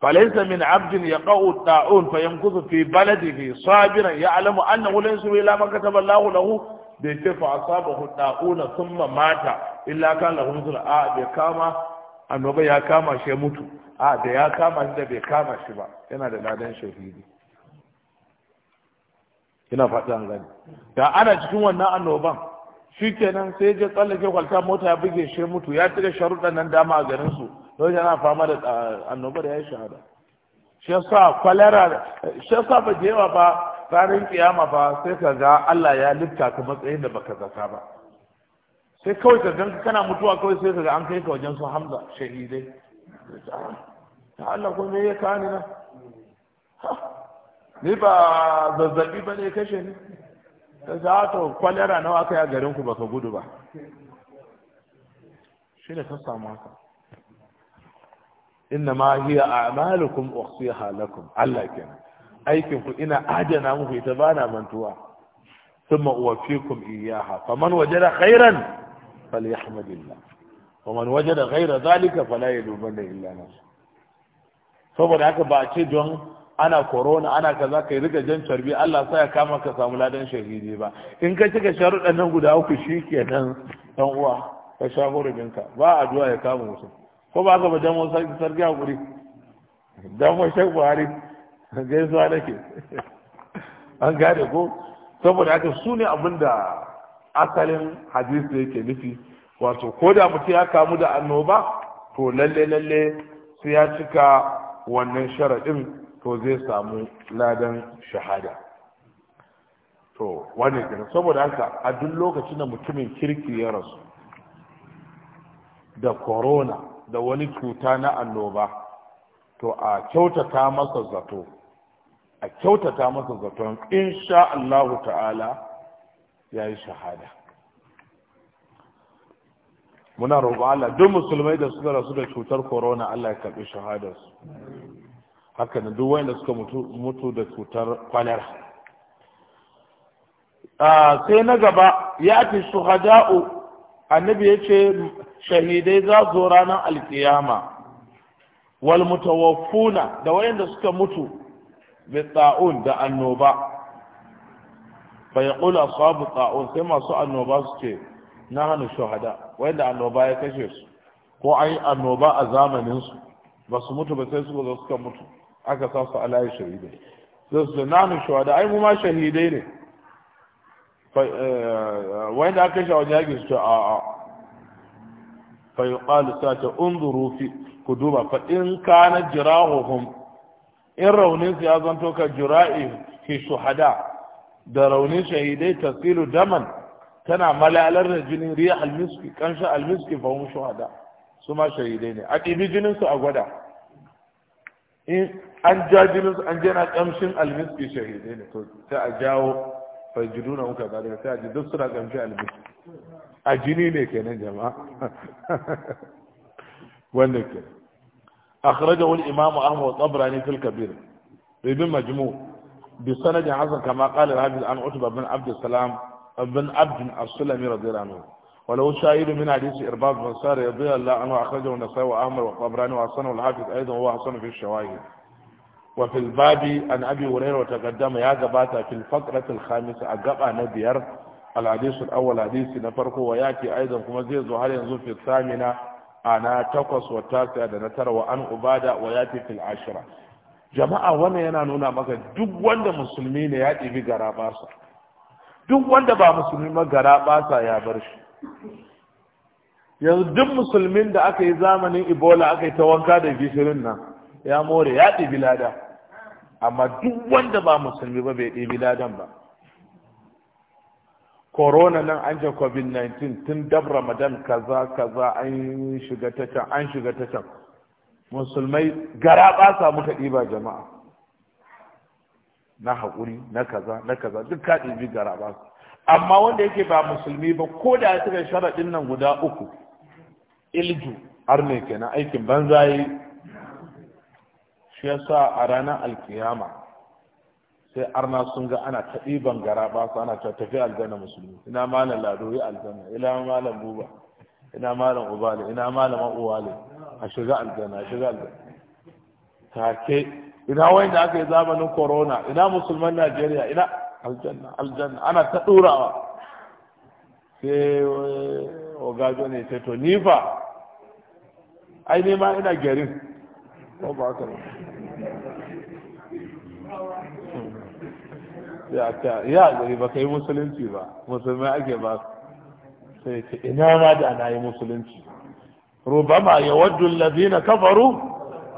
falaisa min abdin ya qau ta'un fa yankuzu fi baladihi sabiran ya alamu annahu laysa ila man kataba Allahu lahu bi tafa asabahu ta'una thumma mata illa kan lahu zura bai kama annoba ya kama shi ya mutu a da ya kama shi da bai kama shi ba yana da ladan shahidi ina fatan gani da ana cikin wannan annoban shi kenan sai je tsallake kwalta mota ya buge shi mutu ya tsira sharuɗan nan dama a garin su don yana fama da annobar ya yi shahada shi yasa kwalera shi yasa ba da ba ranar kiyama ba sai ka ga Allah ya lifta ka matsayin da baka zata ba sai kawai ka ganka kana mutuwa kawai sai ga an kai ka wajen su hamza shahidai ta Allah ko me ya kani na ni ba zazzabi ba ne kashe ni ta za ah, ta kwalera nawa ka yi a garin ku baka gudu ba shi ne ta samu haka inna ma hiya a'malukum ukhsiha lakum Allah kenan aikin ku ina adana muku ita bana mantuwa thumma أوفيكم iyyaha faman wajada khairan الله ومن وجد غير ذلك فلا يلومن الا نفسه saboda haka ba a ce don ana korona ana kaza kai riga jan carbi Allah sai ya kama ka samu ladan shahidi ba in ka cika sharuɗan nan guda uku shikenan dan uwa ka sha ka ba a zuwa ya kama mutum ko ba ka ba dan wasu sarki hakuri dan wa Sheikh Buhari gaisuwa nake *laughs* an gane ko saboda haka su ne abinda asalin hadisi yake nufi wato ko da mutum ya kamu da annoba to lalle lalle sai ya cika wannan sharaɗin to zai samu ladan shahada to wannan kenan saboda haka a duk lokacin da mutumin kirki ya rasu da korona da wani cuta na annoba to a kyautata masa zato a kyautata masa zaton insha Allahu ta'ala ya yi shahada muna roƙo Allah duk musulmai da suka rasu da cutar korona Allah ya karɓi shahadarsu haka na duk wanda suka mutu da cutar kwanar. sai na gaba ya fi shuhada'u annabi ya ce shahidai za zo ranar alkiyama wal mutawaffuna da wayanda suka mutu bi da annoba fa yaqulu ashabu ta'un sai masu annoba su ce na hanu shuhada wanda annoba ya kashe su ko ai annoba a zamanin su ba su mutu ba sai su zo suka mutu aka sa su alayi shahidai sai su na hanu shuhada ai mu ma shahidai ne eh, wanda aka kashe wani yaƙi su ce a'a fa yuqalu ce unzuru fi ku duba fa in kana jirahuhum in raunin su ya zanto ka jira'i fi shuhada da raunin shahidai tsilu daman tana malalar da jinin riya almiski kanshin almiski fa hum shuhada su ma shahidai ne a ɗibi jinin su a gwada in an ja jinin su an jana kamshin almiski shahidai ne to sai a jawo na muka bada sai a ji duk suna kamshin almiski a jini ne kenan jama'a *laughs* wanda ke akhrajahu al-imam ahmad tabrani fil kabir ibn majmu' بسند حسن كما قال الحافظ عن عتبة بن عبد السلام بن عبد السلمي رضي الله عنه ولو شاهد من حديث إرباب بن سار رضي الله عنه أخرجه النسائي وأحمد والطبراني وحسن الحافظ أيضا هو حسن في الشواهد وفي الباب عن أبي هريرة وتقدم يا جبات في الفقرة الخامسة أجاب نبيار الحديث الأول حديث نفرقه ويأتي أيضا كما زيد وهل في الثامنة أنا تقص والتاسعة نتر وأن أبادة ويأتي في العاشرة jama'a wannan yana nuna maka duk wanda musulmi ne ya ɗibi gara basa duk wanda ba musulmi ma gara basa ya bar shi yanzu duk musulmin da aka yi zamanin ebola aka yi ta wanka da gishirin nan ya more ya ɗibi lada amma duk wanda ba musulmi ba bai ɗibi ladan ba korona nan an ce covid-19 tun dab ramadan kaza kaza an shiga ta can an shiga ta can musulmai gara basa muka ɗiba jama'a na haƙuri na kaza na kaza duk ka ɗibi gara basa. amma wanda yake ba musulmi ba ko da ya cika sharaɗin nan guda uku ilju har ne ke na aikin banza yi shi yasa a ranar alkiyama sai arna sun ga ana ta ɗiban gara basa, ana ta tafi aljanna musulmi ina malam lado yi aljanna ina malam buba ina malam ubali ina malam uwale a shiga aljanna a shiga aljanna take ina wayan da aka yi zamanin corona ina musulman najeriya ina aljanna aljanna ana ta ɗurawa sai ogajo ne ce to nifa? fa ai ne ma ina garin ko ba haka ya ta ya gari ba ka yi musulunci ba musulmai ake ba sai ce ina ma da na yi musulunci ربما يود الذين كفروا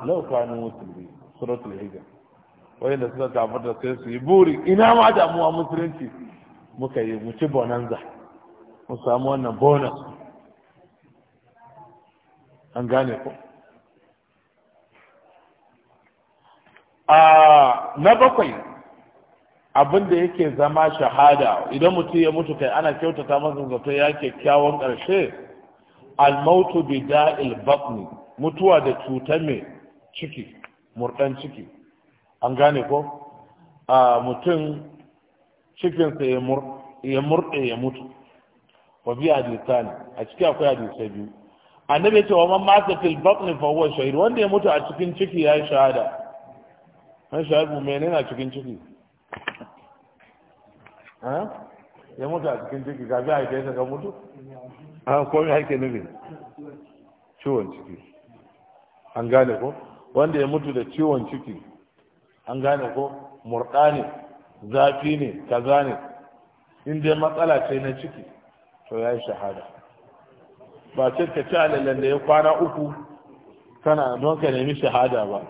لو كانوا مسلمين سورة الهجرة وإن suka عبد sai يبوري إنا ما ina ma damuwa musulunci muka yi mu ci bonanza mu samu abin da yake zama shahada idan mutum ya mutu kai ana kyautata masa zato ya kyawun ƙarshe almautu bi da'il batni mutuwa da cutar mai ciki murdan ciki an gane ko a mutum cikinsa ya murɗe ya mutu wa bi ne. a ciki akwai hadisai biyu annabi ce wa man mata fil batni fa huwa shahid wanda ya mutu a cikin ciki ya shahada an shahidu menene a cikin ciki ya mutu a cikin ciki ga bi a ga mutu a komai hake nufin ciwon ciki an gane ko wanda ya mutu da ciwon ciki an gane ko murɗa ne zafi ne kaza ne in dai matsala ce na ciki to ya yi shahada ba ce ka ci alalan da ya kwana uku kana don ka nemi shahada ba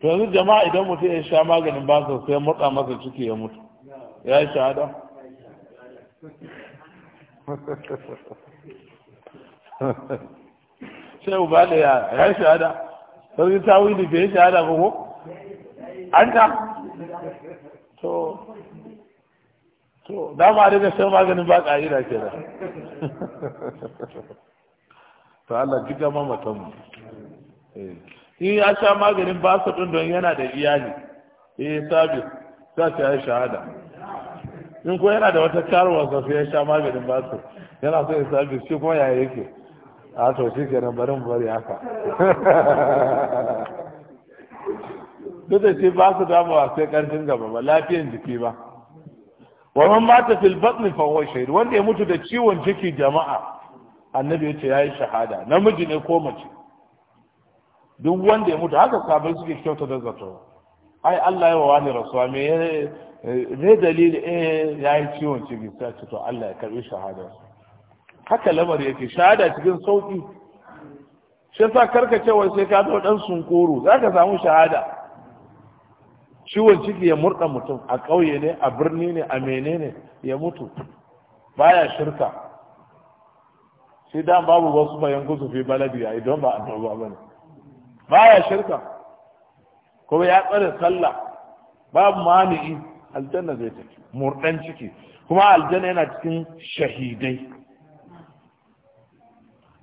to yanzu jama'a idan mutum ya sha maganin ba sai matsa masa ciki ya mutu ya yi shahada sai uba da ya yi shahada sai ta wuli bai shahada ba ko an ta to to dama daga shan maganin ba ƙa'ida ke da to Allah jiga mamatan mu eh, in ya sha maganin ba su ɗin don yana da iyali eh sabis za su yi shahada in ko yana da wata karuwa sosai, ya sha maganin su. yana so ya sabi shi kuma yaya yake a to shi ke nan mu bari haka *laughs* duk da shi ba su damuwa sai karfin gaba ba lafiyan jiki ba wa man mata fil batn fa huwa wanda ya mutu da ciwon ciki jama'a annabi ya ce yayi shahada namiji ne ko mace duk wanda ya mutu haka sabai suke kyauta da zato ai Allah ya wa wani rasuwa me ne eh, dalili eh ya yi ciwon ciki ta ce to Allah ya karbi shahada haka lamar yake shahada cikin sauki shi yasa karka cewa sai ka zo dan sunkuru zaka samu shahada ciwon ciki ya murda mutum a kauye ne a birni ne a menene ya mutu baya shirka sai da babu wasu bayan gusu fi baladi ya idan ba annoba bane baya shirka kuma ya tsare sallah babu mani'i aljanna zai tafi murdan ciki kuma aljanna yana cikin shahidai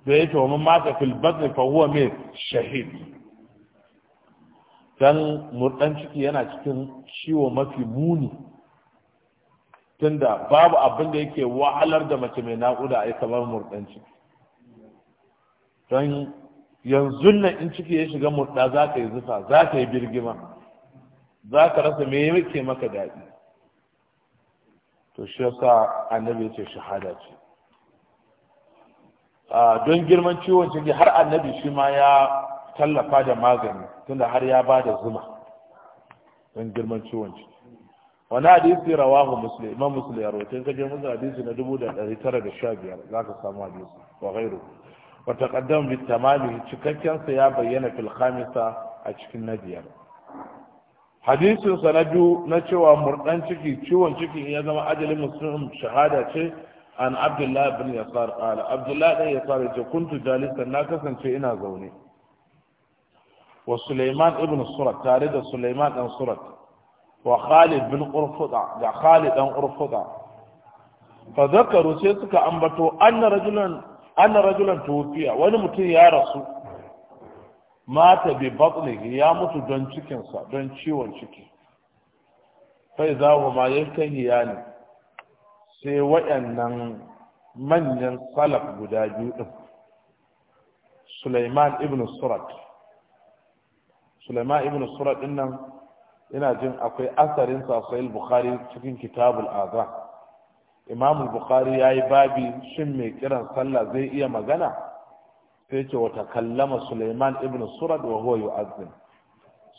da ya ce wa mata fil fa huwa mai shahid dan murdan ciki yana cikin ciwo mafi muni tunda babu abin da yake wahalar da mace mai naƙuda ai kamar murdan ciki don yanzu nan in ciki ya shiga murda za ka yi zufa za ka yi birgima za ka rasa me yake maka daɗi to shi yasa annabi ya ce shahada ce don girman ciwon ciki har annabi shi ma ya tallafa da magani tunda har ya ba da zuma don girman ciwon ciki wani hadisi rawahu muslim imam muslim ya rawaito kaje musu hadisi na 1915 zaka samu hadisi wa gairu wata kaddam bi tamami cikakken sa ya bayyana fil khamisa a cikin na biyar hadisin sa na biyu na cewa murdan ciki ciwon ciki ya zama ajalin musulun shahada ce an abdullahi bin yasar qala abdullahi bin yasar ya ce kuntu jalisan na kasance ina zaune wa Suleiman ibn Surat tare da Suleiman dan Surat wa Khalid bin Urfuda da Khalid dan Urfuda fa zakaru sai suka ambato anna rajulan anna rajulan tufiya wani mutum ya rasu mata bi batni ya mutu don cikinsa don ciwon ciki fai za ku ma ya ne sai waɗannan manyan salaf guda biyu din. Sulaiman ibn Surat Sulaiman ibn Surat din nan ina jin akwai asarin sahih Bukhari cikin kitabul azhar Imam Bukhari ya yi babi shin mai kiran sallah zai iya magana sai ce wata kallama Suleiman ibn Surad wa huwa yu'azzin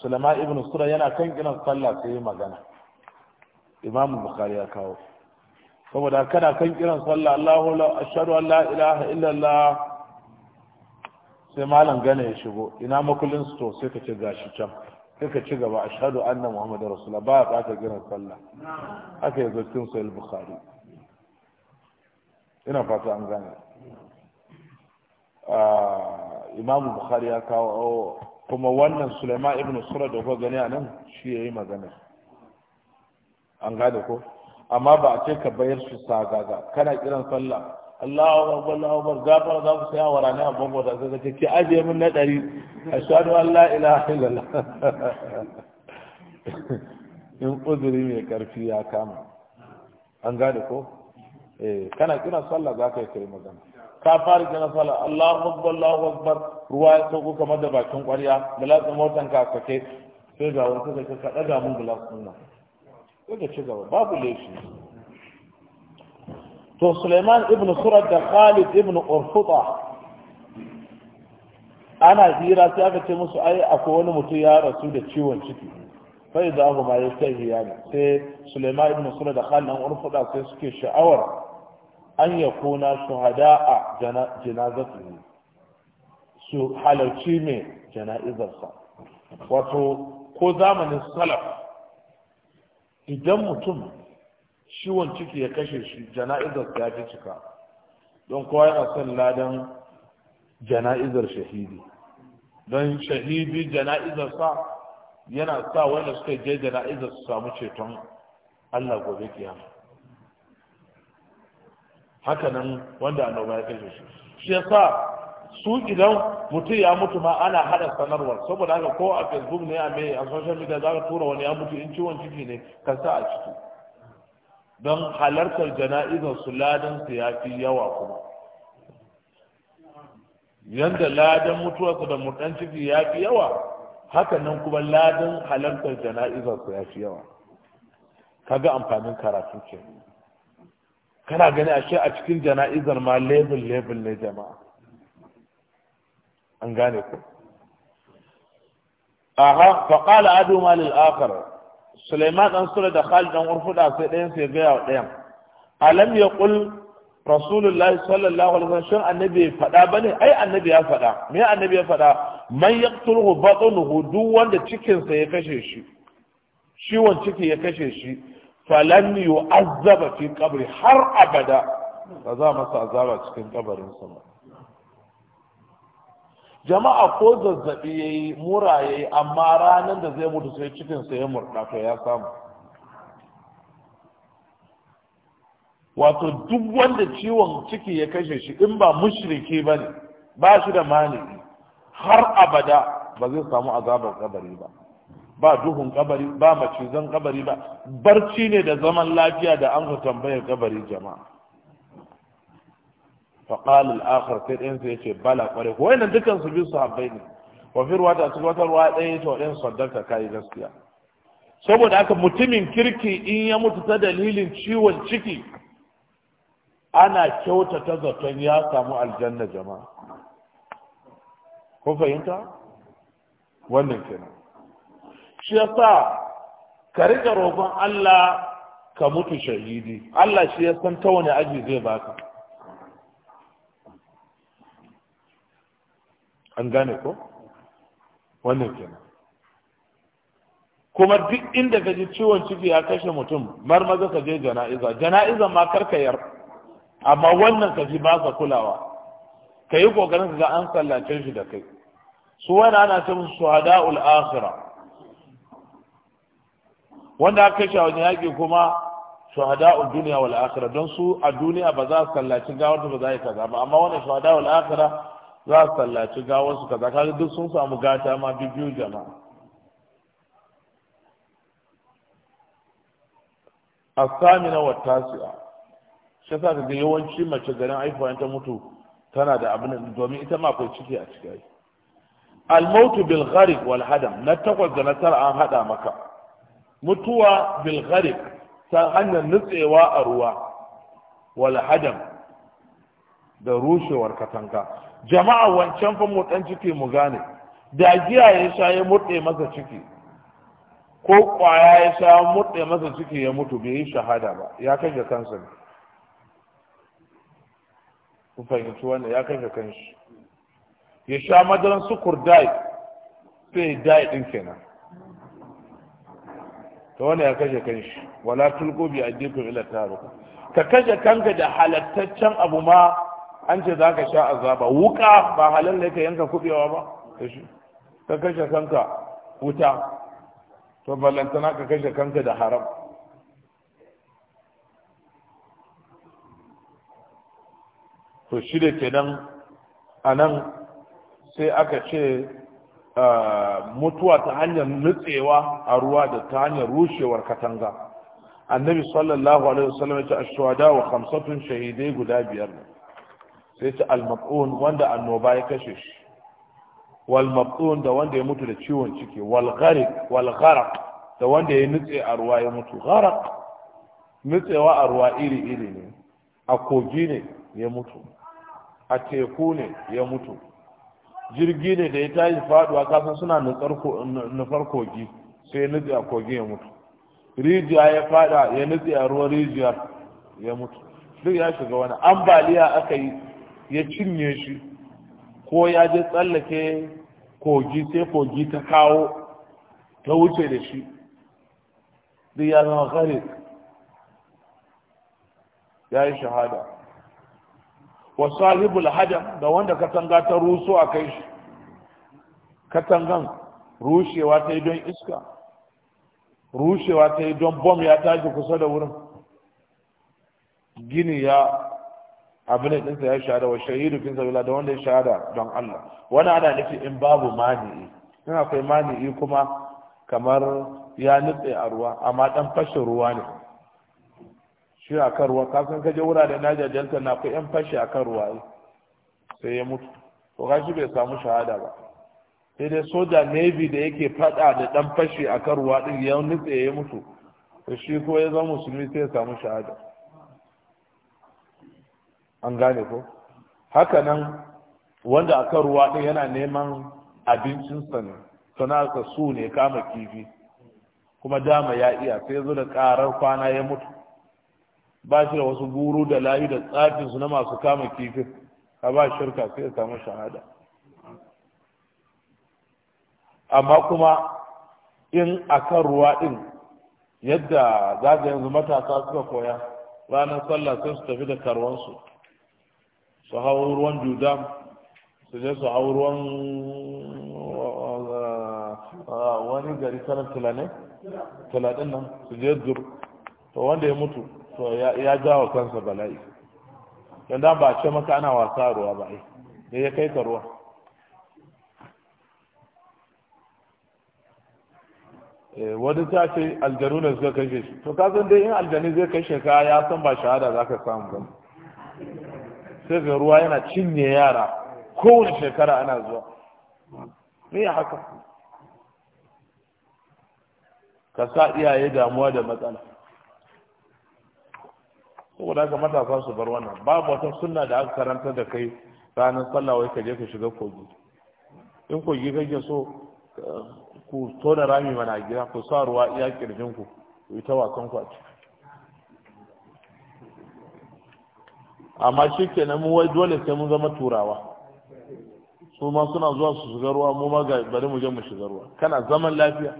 Suleiman ibn Surad yana kan kiran sallah sai ya magana Imam Bukhari ya kawo saboda kana kan kiran sallah Allahu la ashhadu an la ilaha illa Allah sai malam gane ya shigo ina makullin su to sai ka ce gashi can sai ka ci gaba ashhadu anna muhammadar rasulullah ba ya ta kiran sallah haka yi cikin sahih Bukhari ina fata an gane Ah, imam bukhari ya kawo oh, kuma wannan suleiman ibn sura da kuka gani a nan shi ya yi magana an gane ko amma ba a ce ka bayar su sagaga kana kiran sallah Allahu akbar Allahu akbar gafar za ku sai wa rana abubuwa wata sai ka ce aje min na dari ashhadu an la ilaha illallah *laughs* in uzuri mai karfi ya kama an gane ko eh kana kiran sallah za ka yi kai magana ka fara kira sala Allahu akbar Allahu akbar ruwa ya sauko kamar da bakin ƙwarya latsin motan ka kake sai ga wani kaga ka daga mun gilasin nan da ci gaba babu laifi to Sulaiman ibn Surad da Khalid ibn Urfuta ana hira sai aka ce musu ai akwai wani mutum ya rasu da ciwon ciki sai za ma ya sai ne sai Sulaiman ibn Surad da Khalid ibn Urfuta sai suke sha'awar an ya kona su hada a janazatu su halarci mai jana'izarsa wato ko zamanin salaf idan mutum ciwon ciki ya kashe shi jana'izar ya fi cika don kowa yana son ladan jana'izar shahidi don shahidi jana'izarsa yana sa wanda suka je jana'izar su samu ceton Allah gobe kiyama haka nan wanda annoba ya kashe shi shi yasa su idan mutum ya mutu ma ana hada sanarwar saboda haka ko a facebook ne a mai a social media za ka tura wani ya mutu in ciwon ciki ne ka sa a ciki don halartar jana'izar su ladan su ya fi yawa kuma yanda ladan mutuwarsa da murdan ciki ya fi yawa haka nan kuma ladan halartar jana'izar su ya fi yawa kaga amfanin karatu ce kana gani ashe a cikin jana'izar ma level-level ne jama'a an gane ku aha fa qala adu mal Akar, akhar sulaiman dan sura da khalid dan urfuda sai ɗayan sai ga wa ɗayan alam yaqul rasulullahi sallallahu alaihi wasallam shin annabi faɗa bane ai annabi ya faɗa me annabi ya faɗa man yaqtulu batnuhu duk wanda cikin sa ya kashe shi ciwon ciki ya kashe shi falan yu'azzaba fi qabri har abada ba za masa azaba cikin kabarin sa ba jama'a ko zazzabi yayi mura yayi amma ranar da zai mutu sai cikin sa ya murda to ya samu wato duk wanda ciwon ciki ya kashe shi in ba mushriki bane ba shi da mani har abada ba zai samu azabar kabari ba ba duhun kabari ba macizan kabari ba barci ne da zaman lafiya da an ka tambayar kabari jama'a faqala al-akhar sai ɗayan sai yace bala kware ko wannan dukkan su bi sahabbai ne wa fi ruwata su wata ruwa ɗaya to ɗayan sadaka kai gaskiya saboda haka mutumin kirki in ya mutu ta dalilin ciwon ciki ana kyautata zaton ya samu aljanna jama'a ko fahimta wannan kenan shi sa ka riƙa roƙon Allah ka mutu shahidi Allah shi ya san ta wani aji zai baka an gane ko wannan kenan kuma duk inda ka ji ciwon ciki ya kashe mutum marmaza ka je jana'iza jana'iza ma karkayar amma wannan ka ji ba sa kulawa ka yi kokarin ka ga an sallace shi da kai su wani ana ce musu ul akhirah wanda aka kashe wajen yaƙi kuma a duniya wal akhirah don su a duniya ba za su sallaci gawar su ba za yi kaza ba amma wannan shuhada'ul akhirah za su sallaci gawar su kaza kaga duk sun samu gata ma bibiyu jama'a asamina wa tasi'a shi yasa kaga yawanci mace garin haifuwa ta mutu tana da abin domin ita ma kai ciki a ciki al-mautu bil gharib wal hadam na takwas da na tara an hada maka mutuwa bil gharib ta hanyar nutsewa a ruwa wal hadam da rushewar katanka jama'a wancan fa mu dan ciki mu gane da giya ya sha ya mutse masa ciki ko kwaya ya sha mutse masa ciki ya mutu bai yi shahada ba ya kashe kansa ne kun fahimci wannan ya kashe kanshi ya sha madaran sukur dai sai dai din kenan to wani ya kashe shi wala tulqu bi ila ka kashe kanka da halattaccen abu ma an ce zaka sha azaba wuka ba halal ne ka yanka kubewa ba ka kashe kanka wuta to ballantana ka kashe kanka da haram to shi da kenan anan sai aka ce mutuwa ta hanyar nutsewa a ruwa da ta hanyar rushewar katanga annabi sallallahu alaihi wasallam ya ashwada wa khamsatun shahidai guda biyar ne sai ta almaqun wanda annoba ya kashe shi wal maqun da wanda ya mutu da ciwon ciki wal gharq wal gharq da wanda ya nutse a ruwa ya mutu gharq nutsewa a ruwa iri iri ne a kogi ne ya mutu a teku ne ya mutu jirgi ne da ya tashi faduwa kasan suna nufar kogi sai ya nutse a kogi ya mutu rijiya ya fada ya nutse a ruwan rijiyar ya mutu duk ya shiga wani ambaliya aka yi ya cinye shi ko ya je tsallake kogi sai kogi ta kawo ta wuce da shi duk ya zama ya yi shahada wa sahibul da wanda katanga ta ruso a kai shi katangan rushewa ta yi don iska rushewa ta yi don bom ya tashi kusa da wurin gini ya abin da ɗinsa ya shahada wa shahidu fin sabila da wanda ya shahada don Allah wani ana nufi in babu mani'i in akwai mani'i kuma kamar ya nutse a ruwa amma dan fashin ruwa ne shi a kan ruwa kasan kaje wuraren naja delta na akwai yan fashi a kan ruwa sai ya mutu to shi bai samu shahada ba sai dai soja navy da yake fada da dan fashi a kan ruwa din ya nutse ya mutu to shi ko ya zama musulmi sai ya samu shahada an gane ko haka nan wanda a kan ruwa din yana neman abincinsa ne sana'arsa su ne kama kifi kuma dama ya iya sai zo da karar kwana ya mutu ba shi da wasu guru da layi da tsafinsu na masu kama kifin ka ba shirka sai ya samu shahada amma kuma in akan ruwa din yadda za ga yanzu matasa suka koya ranar sallah sai su tafi da karwansu su hau ruwan judam su je su hau ruwan wani gari sanar tula nan su je zur to wanda ya mutu to ya jawo kansa bala'i don da ba ce maka ana wasa ruwa ba ai ne ya kai ka ruwa eh, wani ta ce aljanu ne suka kashe shi to kasan dai in aljani zai kashe ka ya san ba shahada za ka samu ba sai ga ruwa yana cinye yara kowane shekara ana zuwa me haka ka sa iyaye damuwa da matsala saboda haka matasa su bar wannan babu wata sunna da aka karanta da kai ranar sallah wai ka je ka shiga kogi in kogi kake so ku tona rami mana gida ku sa ruwa iya kirjin ku ku yi ta wasan ku a ciki amma shi ke nan mu wai dole sai mun zama turawa su ma suna zuwa su shiga ruwa mu ma bari mu je mu shiga ruwa kana zaman lafiya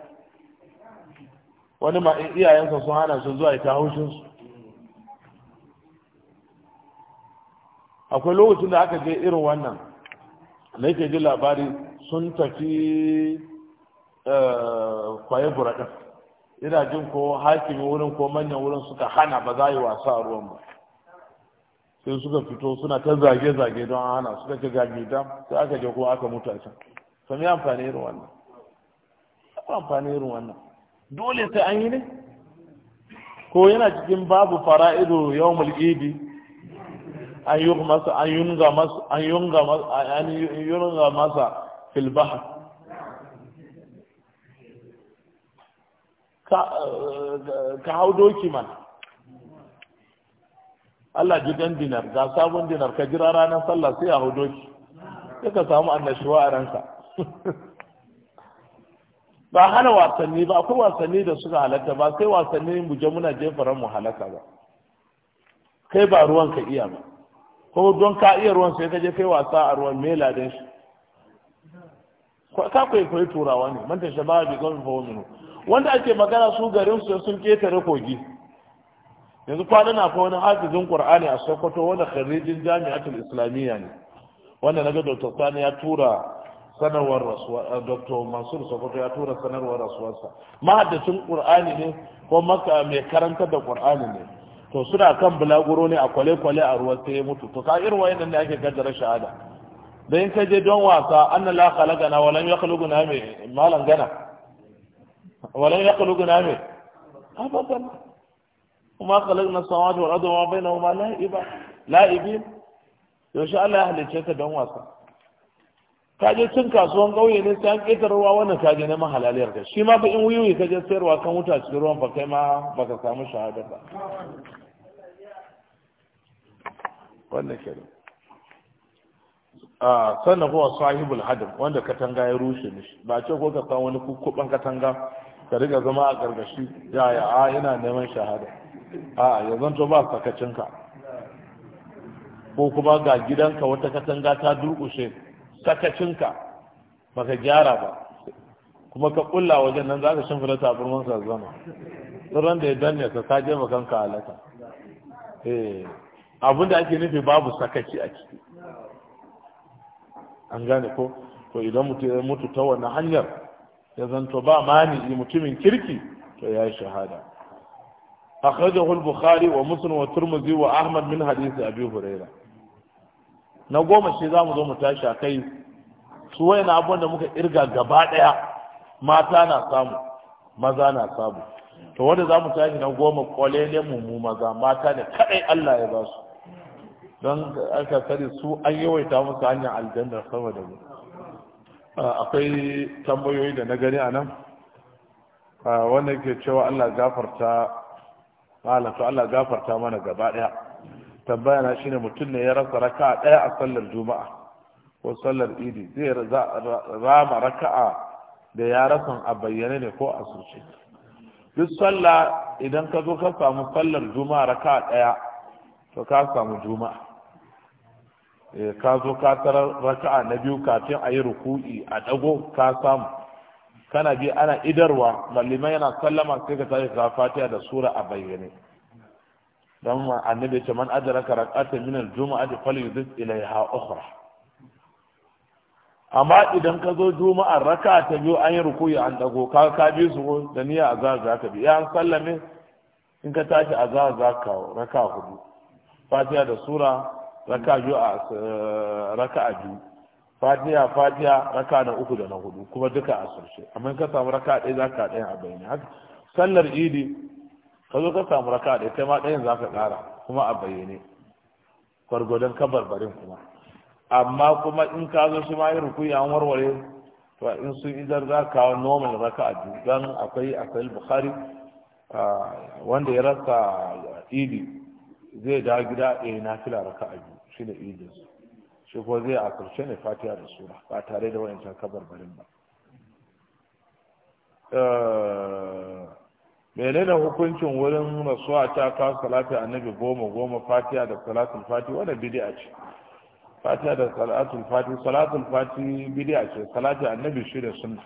wani ma iyayensa sun hana su zuwa ita haushinsu akwai lokacin da aka je irin wannan na yake ji labari sun tafi eh, kwaye buraɗin ina jin ko hakimi wurin ko manyan wurin suka hana ba za a yi wasa a ruwan ba sai suka fito suna ta zage-zage don hana suka ce ga gidan sai aka je kuma aka mutu a can sami amfani irin wannan ba amfani irin wannan dole sai an yi ne ko yana cikin babu fara'idu yawmul idi an yi masa an yunga masa an yunga masa an yunga masa fil ka hau doki man Allah ji dan dinar ga sabon dinar ka jira ranar sallah sai a hau doki sai ka samu annashuwa a ranka *laughs* ba hana wasanni ba akwai wasanni da suka halatta ba sai wasanni mu je muna jefa ran mu halaka ba kai ba ruwan ka iya ba ko don ka iya ruwan sai ka je kai wasa a ruwan mela din shi ka kai kai turawa ne man ta shaba bi gon fa waminu wanda ake magana su garin su sun ketare kogi yanzu kwana na fa wani hafizin qur'ani a Sokoto wanda kharijin jami'atul islamiyya ne wanda naga Dr. Sani ya tura sanarwar rasuwa eh, dr mansur sokoto ya tura sanarwar rasuwarsa mahaddacin qur'ani ne ko maka mai karantar da qur'ani ne to suna kan bulaguro ne a kwale-kwale a ruwa sai ya mutu to ka irin wani nan ne ake kaddara shahada da in kaje don wasa anna la khalaqana wa lam yakhluqna me malan gana wa lam yakhluqna min abadan kuma khalaqna samawati wal arda wa bainahuma la'ibin la'ibin yaushe Allah ya halicce ka don wasa ka je cin kasuwan ƙauye ne sai an ƙetare ruwa wannan ka je neman halaliyar ka shi ma ba in wuyuyi ka je sayarwa kan wuta cikin ruwan ba kai ma ba ka samu shahada ba wannan kenan a ah, sannan kuma sahibul hadam wanda katanga ya rushe mishi ba ce ko ka samu wani kukkuban katanga ka riga zama a gargashi yaya a yana neman shahada a ya zanto ba sakacinka ko kuma ga gidanka wata katanga ta durƙushe sakacinka ba ka gyara ba kuma ka kulla wajen nan za ka shimfida tabarman sa zama ran da ya danne ka ka je makanka halaka eh abinda ake nufi babu sakaci a ciki an gane ko to idan ya mutu ta wannan hanyar ya zanto ba mani mutumin kirki to ya yi shahada akhrajahu al-bukhari wa muslim wa tirmidhi wa ahmad min hadisi abu hurairah na goma shi za mu zo mu tashi a kai su na abin da muka irga gaba ɗaya mata na samu maza na samu to wanda za mu tashi na goma kwalele mu mu maza mata da kaɗai Allah ya ba su don aka sani su an yawaita musu hanyar aljanna sama da mu akwai tambayoyi da na gani a nan wanda ke cewa Allah gafarta Allah Allah gafarta mana gaba ɗaya tambayana shi ne mutum ne ya rasa raka'a ɗaya a sallar juma'a ko sallar idi zai rama raka'a da ya rasa a bayyane ne ko a surce duk sallah idan ka zo ka samu sallar juma'a raka'a ɗaya to ka samu juma'a eh, ka zo ka tarar raka'a na biyu kafin a yi ruku'i a dago ka samu kana bi ana idarwa malliman yana sallama sai ka tashi fatiha da sura a bayyane don annabi ce man adraka rak'atan min al-jum'ati falyudhib ilayha ukhra amma idan ka zo juma'a raka ta biyu an yi rukuyi an dago ka ka bi su da niyya azza za ka bi ya sallame in ka tashi azza za ka raka hudu fatiha da sura raka biyu a eh, raka biyu fatiha fatiha raka na uku da na hudu kuma duka a sarshe amma in ka samu raka ɗaya za ka ɗaya a bayani haka sallar idi ka zo ka samu raka da kai ma ɗayan za ka ƙara kuma a bayyane gwargwadon kabarbarin kuma amma kuma in ka zo shi ma yi rukuyi an warware to in sun idan za ka kawo normal raka a don akwai akwai bukhari wanda ya rasa idi zai da gida ɗaya na fila raka a biyu shi ne idin su shi ko zai a karshe ne fatiha da sura ba tare da wayancan kabarbarin ba eh, menene hukuncin wurin rasuwa ta kawo salati annabi goma goma fatiha da salatul fati wanda bid'a ce fatiha da salatul fati salatul fati bid'a ce salati annabi shi da sunna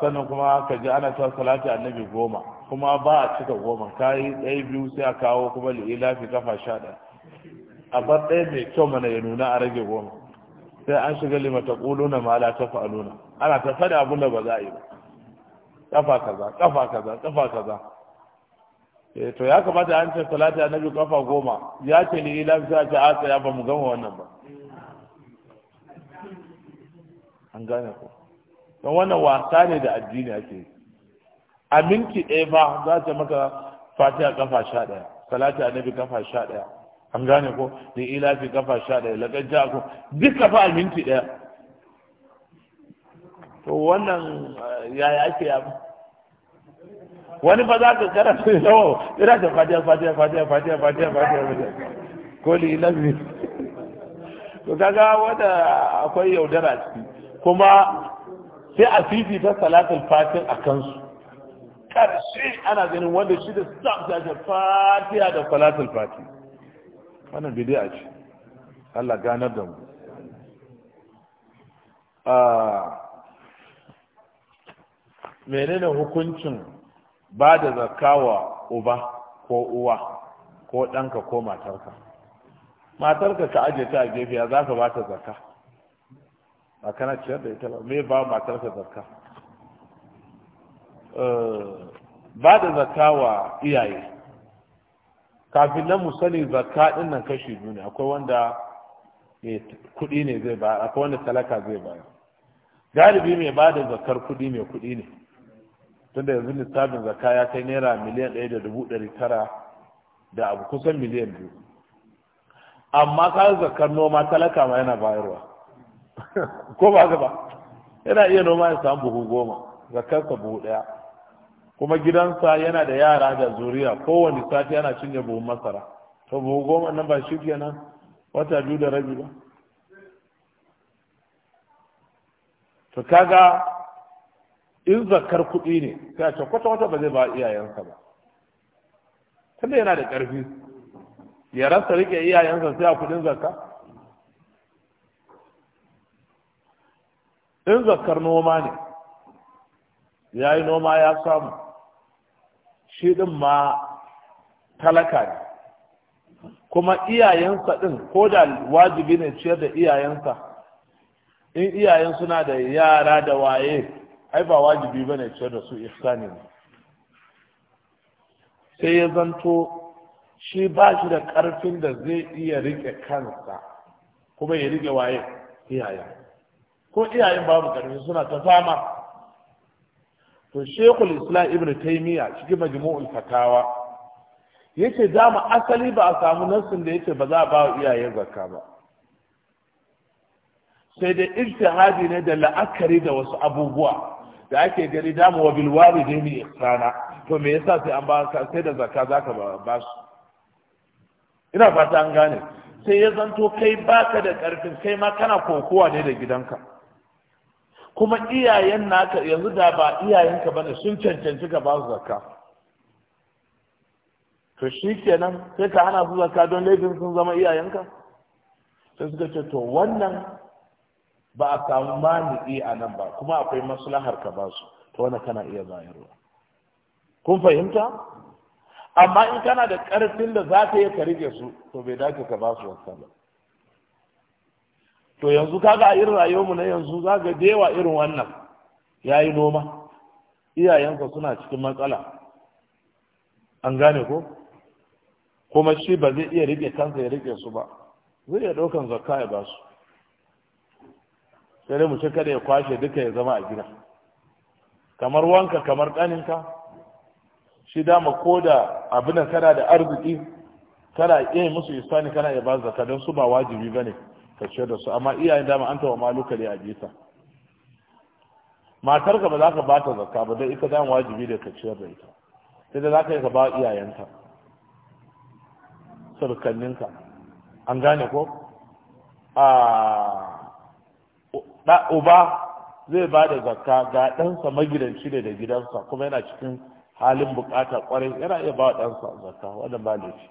sannan kuma ka ji ana ta salati annabi goma kuma ba a cika goma kai dai biyu sai a kawo kuma li'ilafi kafa sha ɗaya a bar ɗaya mai kyau mana ya nuna a rage goma sai an shiga limata ƙuluna ma la ta fa'aluna ana ta fada abin da ba za a yi ba kafa kaza kafa kaza kafa kaza eh to ya kamata an ce salati annabi kafa goma ya ce ni ila sai ta aka ya ba mu gama wannan ba an gane ko to wannan wasa ne da addini ake yi a minti ɗaya ba za ta maka fatiha kafa sha ɗaya salati annabi kafa sha ɗaya an gane ko ni ila fi kafa sha ɗaya laƙar ja ko duk kafa a minti ɗaya to wannan eh, yaya ake yabi wani ba za ka karanta *laughs* da yawo yana da fatiya fatiya fatiya fatiya fatiya fatiya ko lilabi to kaga wanda akwai yaudara ciki kuma sai a fifita salatul fatin a kansu karshe ana ganin wanda shi da sam ta ce fatiya da salatul fati wannan bid'a ce Allah ganar da mu ah, menene hukuncin ba da zakka wa uba ko uwa ko ɗanka ko matarka matarka ka aje ta a gefe za ka ba ta zakka ba kana ciyar da ita me ba matarka zakka eh, ba da zakka wa iyaye kafin nan mu sani zakka ɗin nan kashi biyu ne akwai wanda kuɗi ne zai bayar akwai wanda talaka zai bayar galibi mai ba da zakar kuɗi mai kuɗi ne tunda yanzu lissafin zaka ya kai naira miliyan ɗaya da dubu ɗari tara da abu kusan miliyan biyu amma ka zakar noma talaka ma yana bayarwa *laughs* ko ba ka ba? yana iya noma ya samu buhu goma zakkarsa buhu ɗaya kuma gidansa yana da yara da zuriya kowane sati yana cinye buhu masara to buhu goma nan ba shi kenan wata biyu da rabi ba to kaga in zakar kuɗi ne sai a ce kwata-kwata ba zai ba iyayensa ba tunda yana da ƙarfi ya rasa rike iyayensa sai a kuɗin zakka in zakar noma ne ya yi noma ya samu shi ɗin ma talaka ne kuma iyayensa ɗin ko da wajibi ne ciyar da iyayensa in iyayen suna da yara da waye ai ba wajibi ba ne ciyar da su ihsani ne sai ya zanto shi ba shi da ƙarfin da zai iya riƙe kansa kuma ya riƙe waye iyayen ko iyayen babu ƙarfi suna ta fama to shekul islam ibn taymiya cikin majmu'ul fatawa yace dama asali ba a samu nassin da yace ba za a ba wa iyayen zakka ba sai da ijtihadi ne da la'akari da wasu abubuwa da ake gani damu wa da walidaini rana to me yasa sai an ba sai da zakka zaka ba su ina fata an gane sai ya zanto kai baka da karfin kai ma kana kokowa ne da gidanka kuma iyayen naka yanzu da ba iyayenka bane sun cancanci ka ba su zakka to kenan sai ka hana su zakka don laifin sun zama iyayenka sai suka ce to wannan ba a samu mani'i a nan ba kuma akwai maslahar ka ba su ta wani kana iya bayarwa kun fahimta amma in kana da ƙarfin da za ka yi ka rike su to bai dace ka ba su wasa ba to yanzu kaga a irin mu na yanzu za ga da irin wannan ya yi noma iyayensa suna cikin matsala an gane ko kuma shi ba zai iya rike kansa ya rike su ba zai iya ɗaukan zakka ya ba su sai dai mutum kada ya kwashe duka ya zama a gida kamar wanka kamar ɗaninka shi dama ko da abin kana da arziki kana iya musu isani kana iya ba zaka don su ba wajibi bane ka ciyar da su amma iyayen dama an tawa maluka ne a jesa. matar ka ba za ka ba ta zaka ba don ita dama wajibi da ka ciyar da ita sai da za ka yi ka ba iyayenta surkanninka an gane ko a ah. da uba zai ba da zakka ga ɗansa magidanci ne da gidansa kuma yana cikin halin bukata kwarai yana iya ba ɗansa zakka wannan ba shi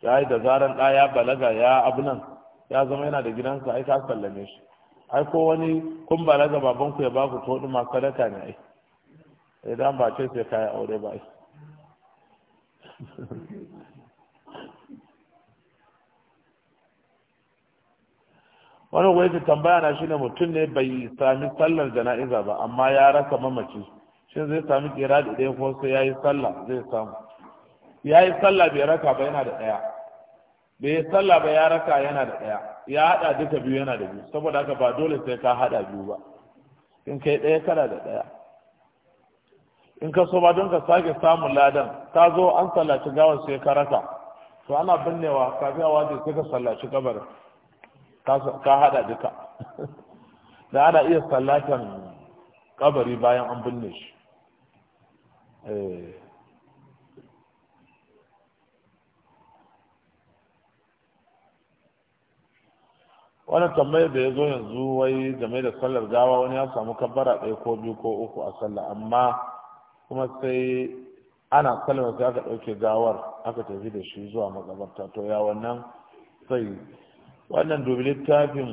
ya yi da zaran ɗa ya balaga ya abu nan ya zama yana da gidansa ai ka sallame shi ai ko wani kun balaga babanku ya ba ku to ma sadaka ne ai idan ba ce sai kaya aure ba ai *laughs* wani wai tambaya na ne mutum ne bai sami sallar jana'iza ba amma ya rasa mamaci shin zai sami kira da ɗaya ko sai yayi sallah zai samu yayi sallah bai raka ba yana da ɗaya bai sallah ba ya raka yana da ɗaya ya haɗa duka biyu yana da biyu saboda haka ba dole sai ka haɗa biyu ba in kai ɗaya kana da ɗaya in ka so ba don ka sake samun ladan ka zo an sallaci gawar sai ka raka to ana binnewa kafin a waje sai ka sallaci kabarin ka hada duka *laughs* da ana iya sallatan kabari bayan an binne shi eh. wani tambayar da ya zo yanzu wai game da sallar gawa wani ya samu kabbara ɗaya ko biyu ko uku a sallah amma kuma sai ana sallar sai aka ɗauke gawar aka tafi da shi zuwa magabarta to ya wannan sai wannan dubi littafin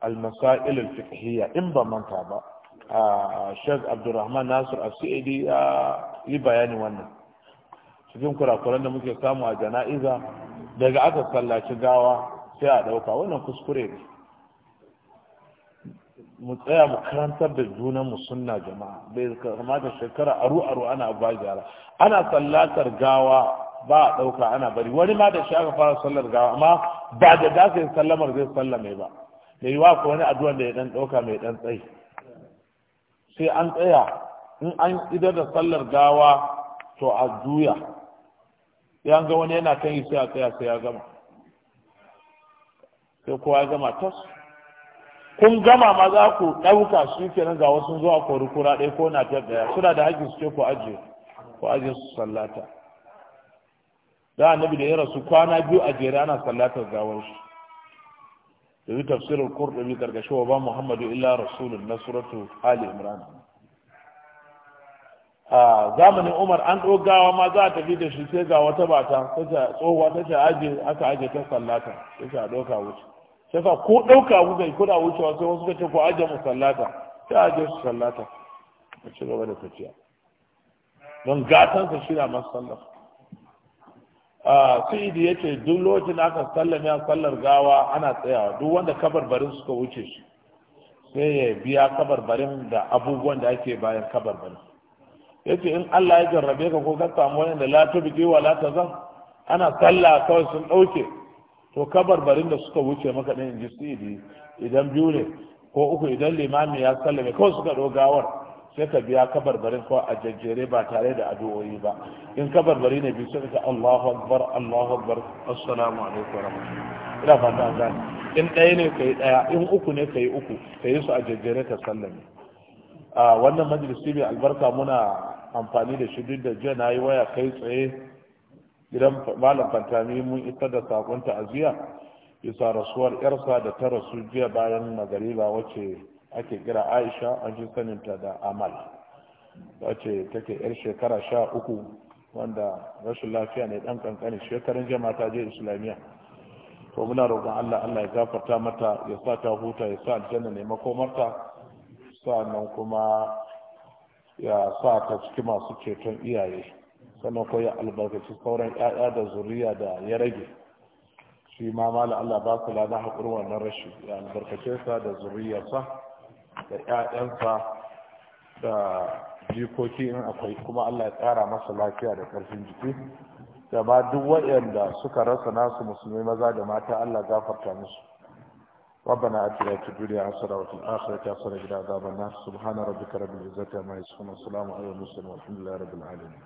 almasa'il fiqhiyya in ba manta ba a Sheikh Abdulrahman Nasir Asidi ya yi bayani wannan cikin kurakuran da muke samu a jana'iza daga aka sallaci gawa sai a dauka wannan kuskure ne mu tsaya mu karantar da junan mu sunna jama'a bai kamata shekara aru aru ana ba ana sallatar gawa ba a ɗauka ana bari wani ma da shi aka fara sallar gawa amma ba da za su yi sallamar zai sallame ba da yiwa ko wani addu'an da ya ɗan ɗauka mai ɗan tsayi sai an tsaya in an idar da sallar gawa to a juya ya ga wani yana kan yi sai a tsaya sai ya gama sai kowa ya gama tas kun gama ma za ku ɗauka shi kenan ga wasu zuwa kori kura ɗaya ko na ɗaya suna da haƙƙi su ce ko ajiye ku ajiye su sallata da annabi da ya rasu kwana biyu a jere ana sallatar gawar shi da yi tafsirin kurdubi karkashin wa ba muhammadu illa rasulun na suratu ali imran a zamanin umar an gawa ma za a tafi da shi sai ga wata bata tsohuwa ta ce aje aka aje ta sallata ta ce a ɗauka wuce sai sa ko ɗauka wuce ko da wucewa sai wasu ce ko aje mu sallata ta aje su sallata a ci gaba da tafiya don gatansa shi na masu sallata sa'idi ya ce duk lokacin aka sallame a sallar gawa ana tsayawa duk wanda kabarbarin suka wuce shi sai ya biya kabarbarin da abubuwan da ake bayan kabarbarin ya ce in allah ya jarrabe ka ko ka samu wani da lati biki wa ta zan ana salla kawai sun ɗauke to kabarbarin da suka wuce maka ɗin in ji sa'idi idan biyu ne ko uku idan limami ya sallame kawai suka ɗau gawar sai ka biya kabarbarin ko a jajjere ba tare da addu'o'i ba in kabarbari ne biyu sai ka Allahu akbar Allahu akbar assalamu alaikum warahmatullahi ina fata gani in ɗaya ne kai ɗaya in uku ne kai uku kai su a jajjere ka sallame a wannan majalisi mai albarka muna amfani da shi duk da jiya na yi waya kai tsaye idan malam fantami mun isa da sakon ta'aziyya bisa rasuwar yarsa da ta rasu jiya bayan magariba wacce ake kira aisha an ji saninta da amal ta ce take yar shekara sha uku wanda rashin lafiya ne dan kankanin shekarun jama'a ta je islamiyya to muna roƙon Allah Allah ya gafarta mata ya sa ta huta ya sa aljanna ne makomarta sannan kuma ya sa ta ciki masu ceton iyaye sannan ko ya albarkaci sauran ƴaƴa da zuriya da ya rage shi ma mala Allah ba su lada haƙurwa na rashi ya albarkace sa da zuriyarsa da ƴaƴansa da jikoki in akwai kuma Allah ya tsara masa lafiya da ƙarfin jiki da ba duk waɗanda suka rasa nasu musulmi maza da mata Allah gafarta musu ربنا اتنا في الدنيا حسنة وفي الاخره حسنة وقنا عذاب النار سبحان ربك رب العزة عما يصفون وسلام على المرسلين والحمد لله رب العالمين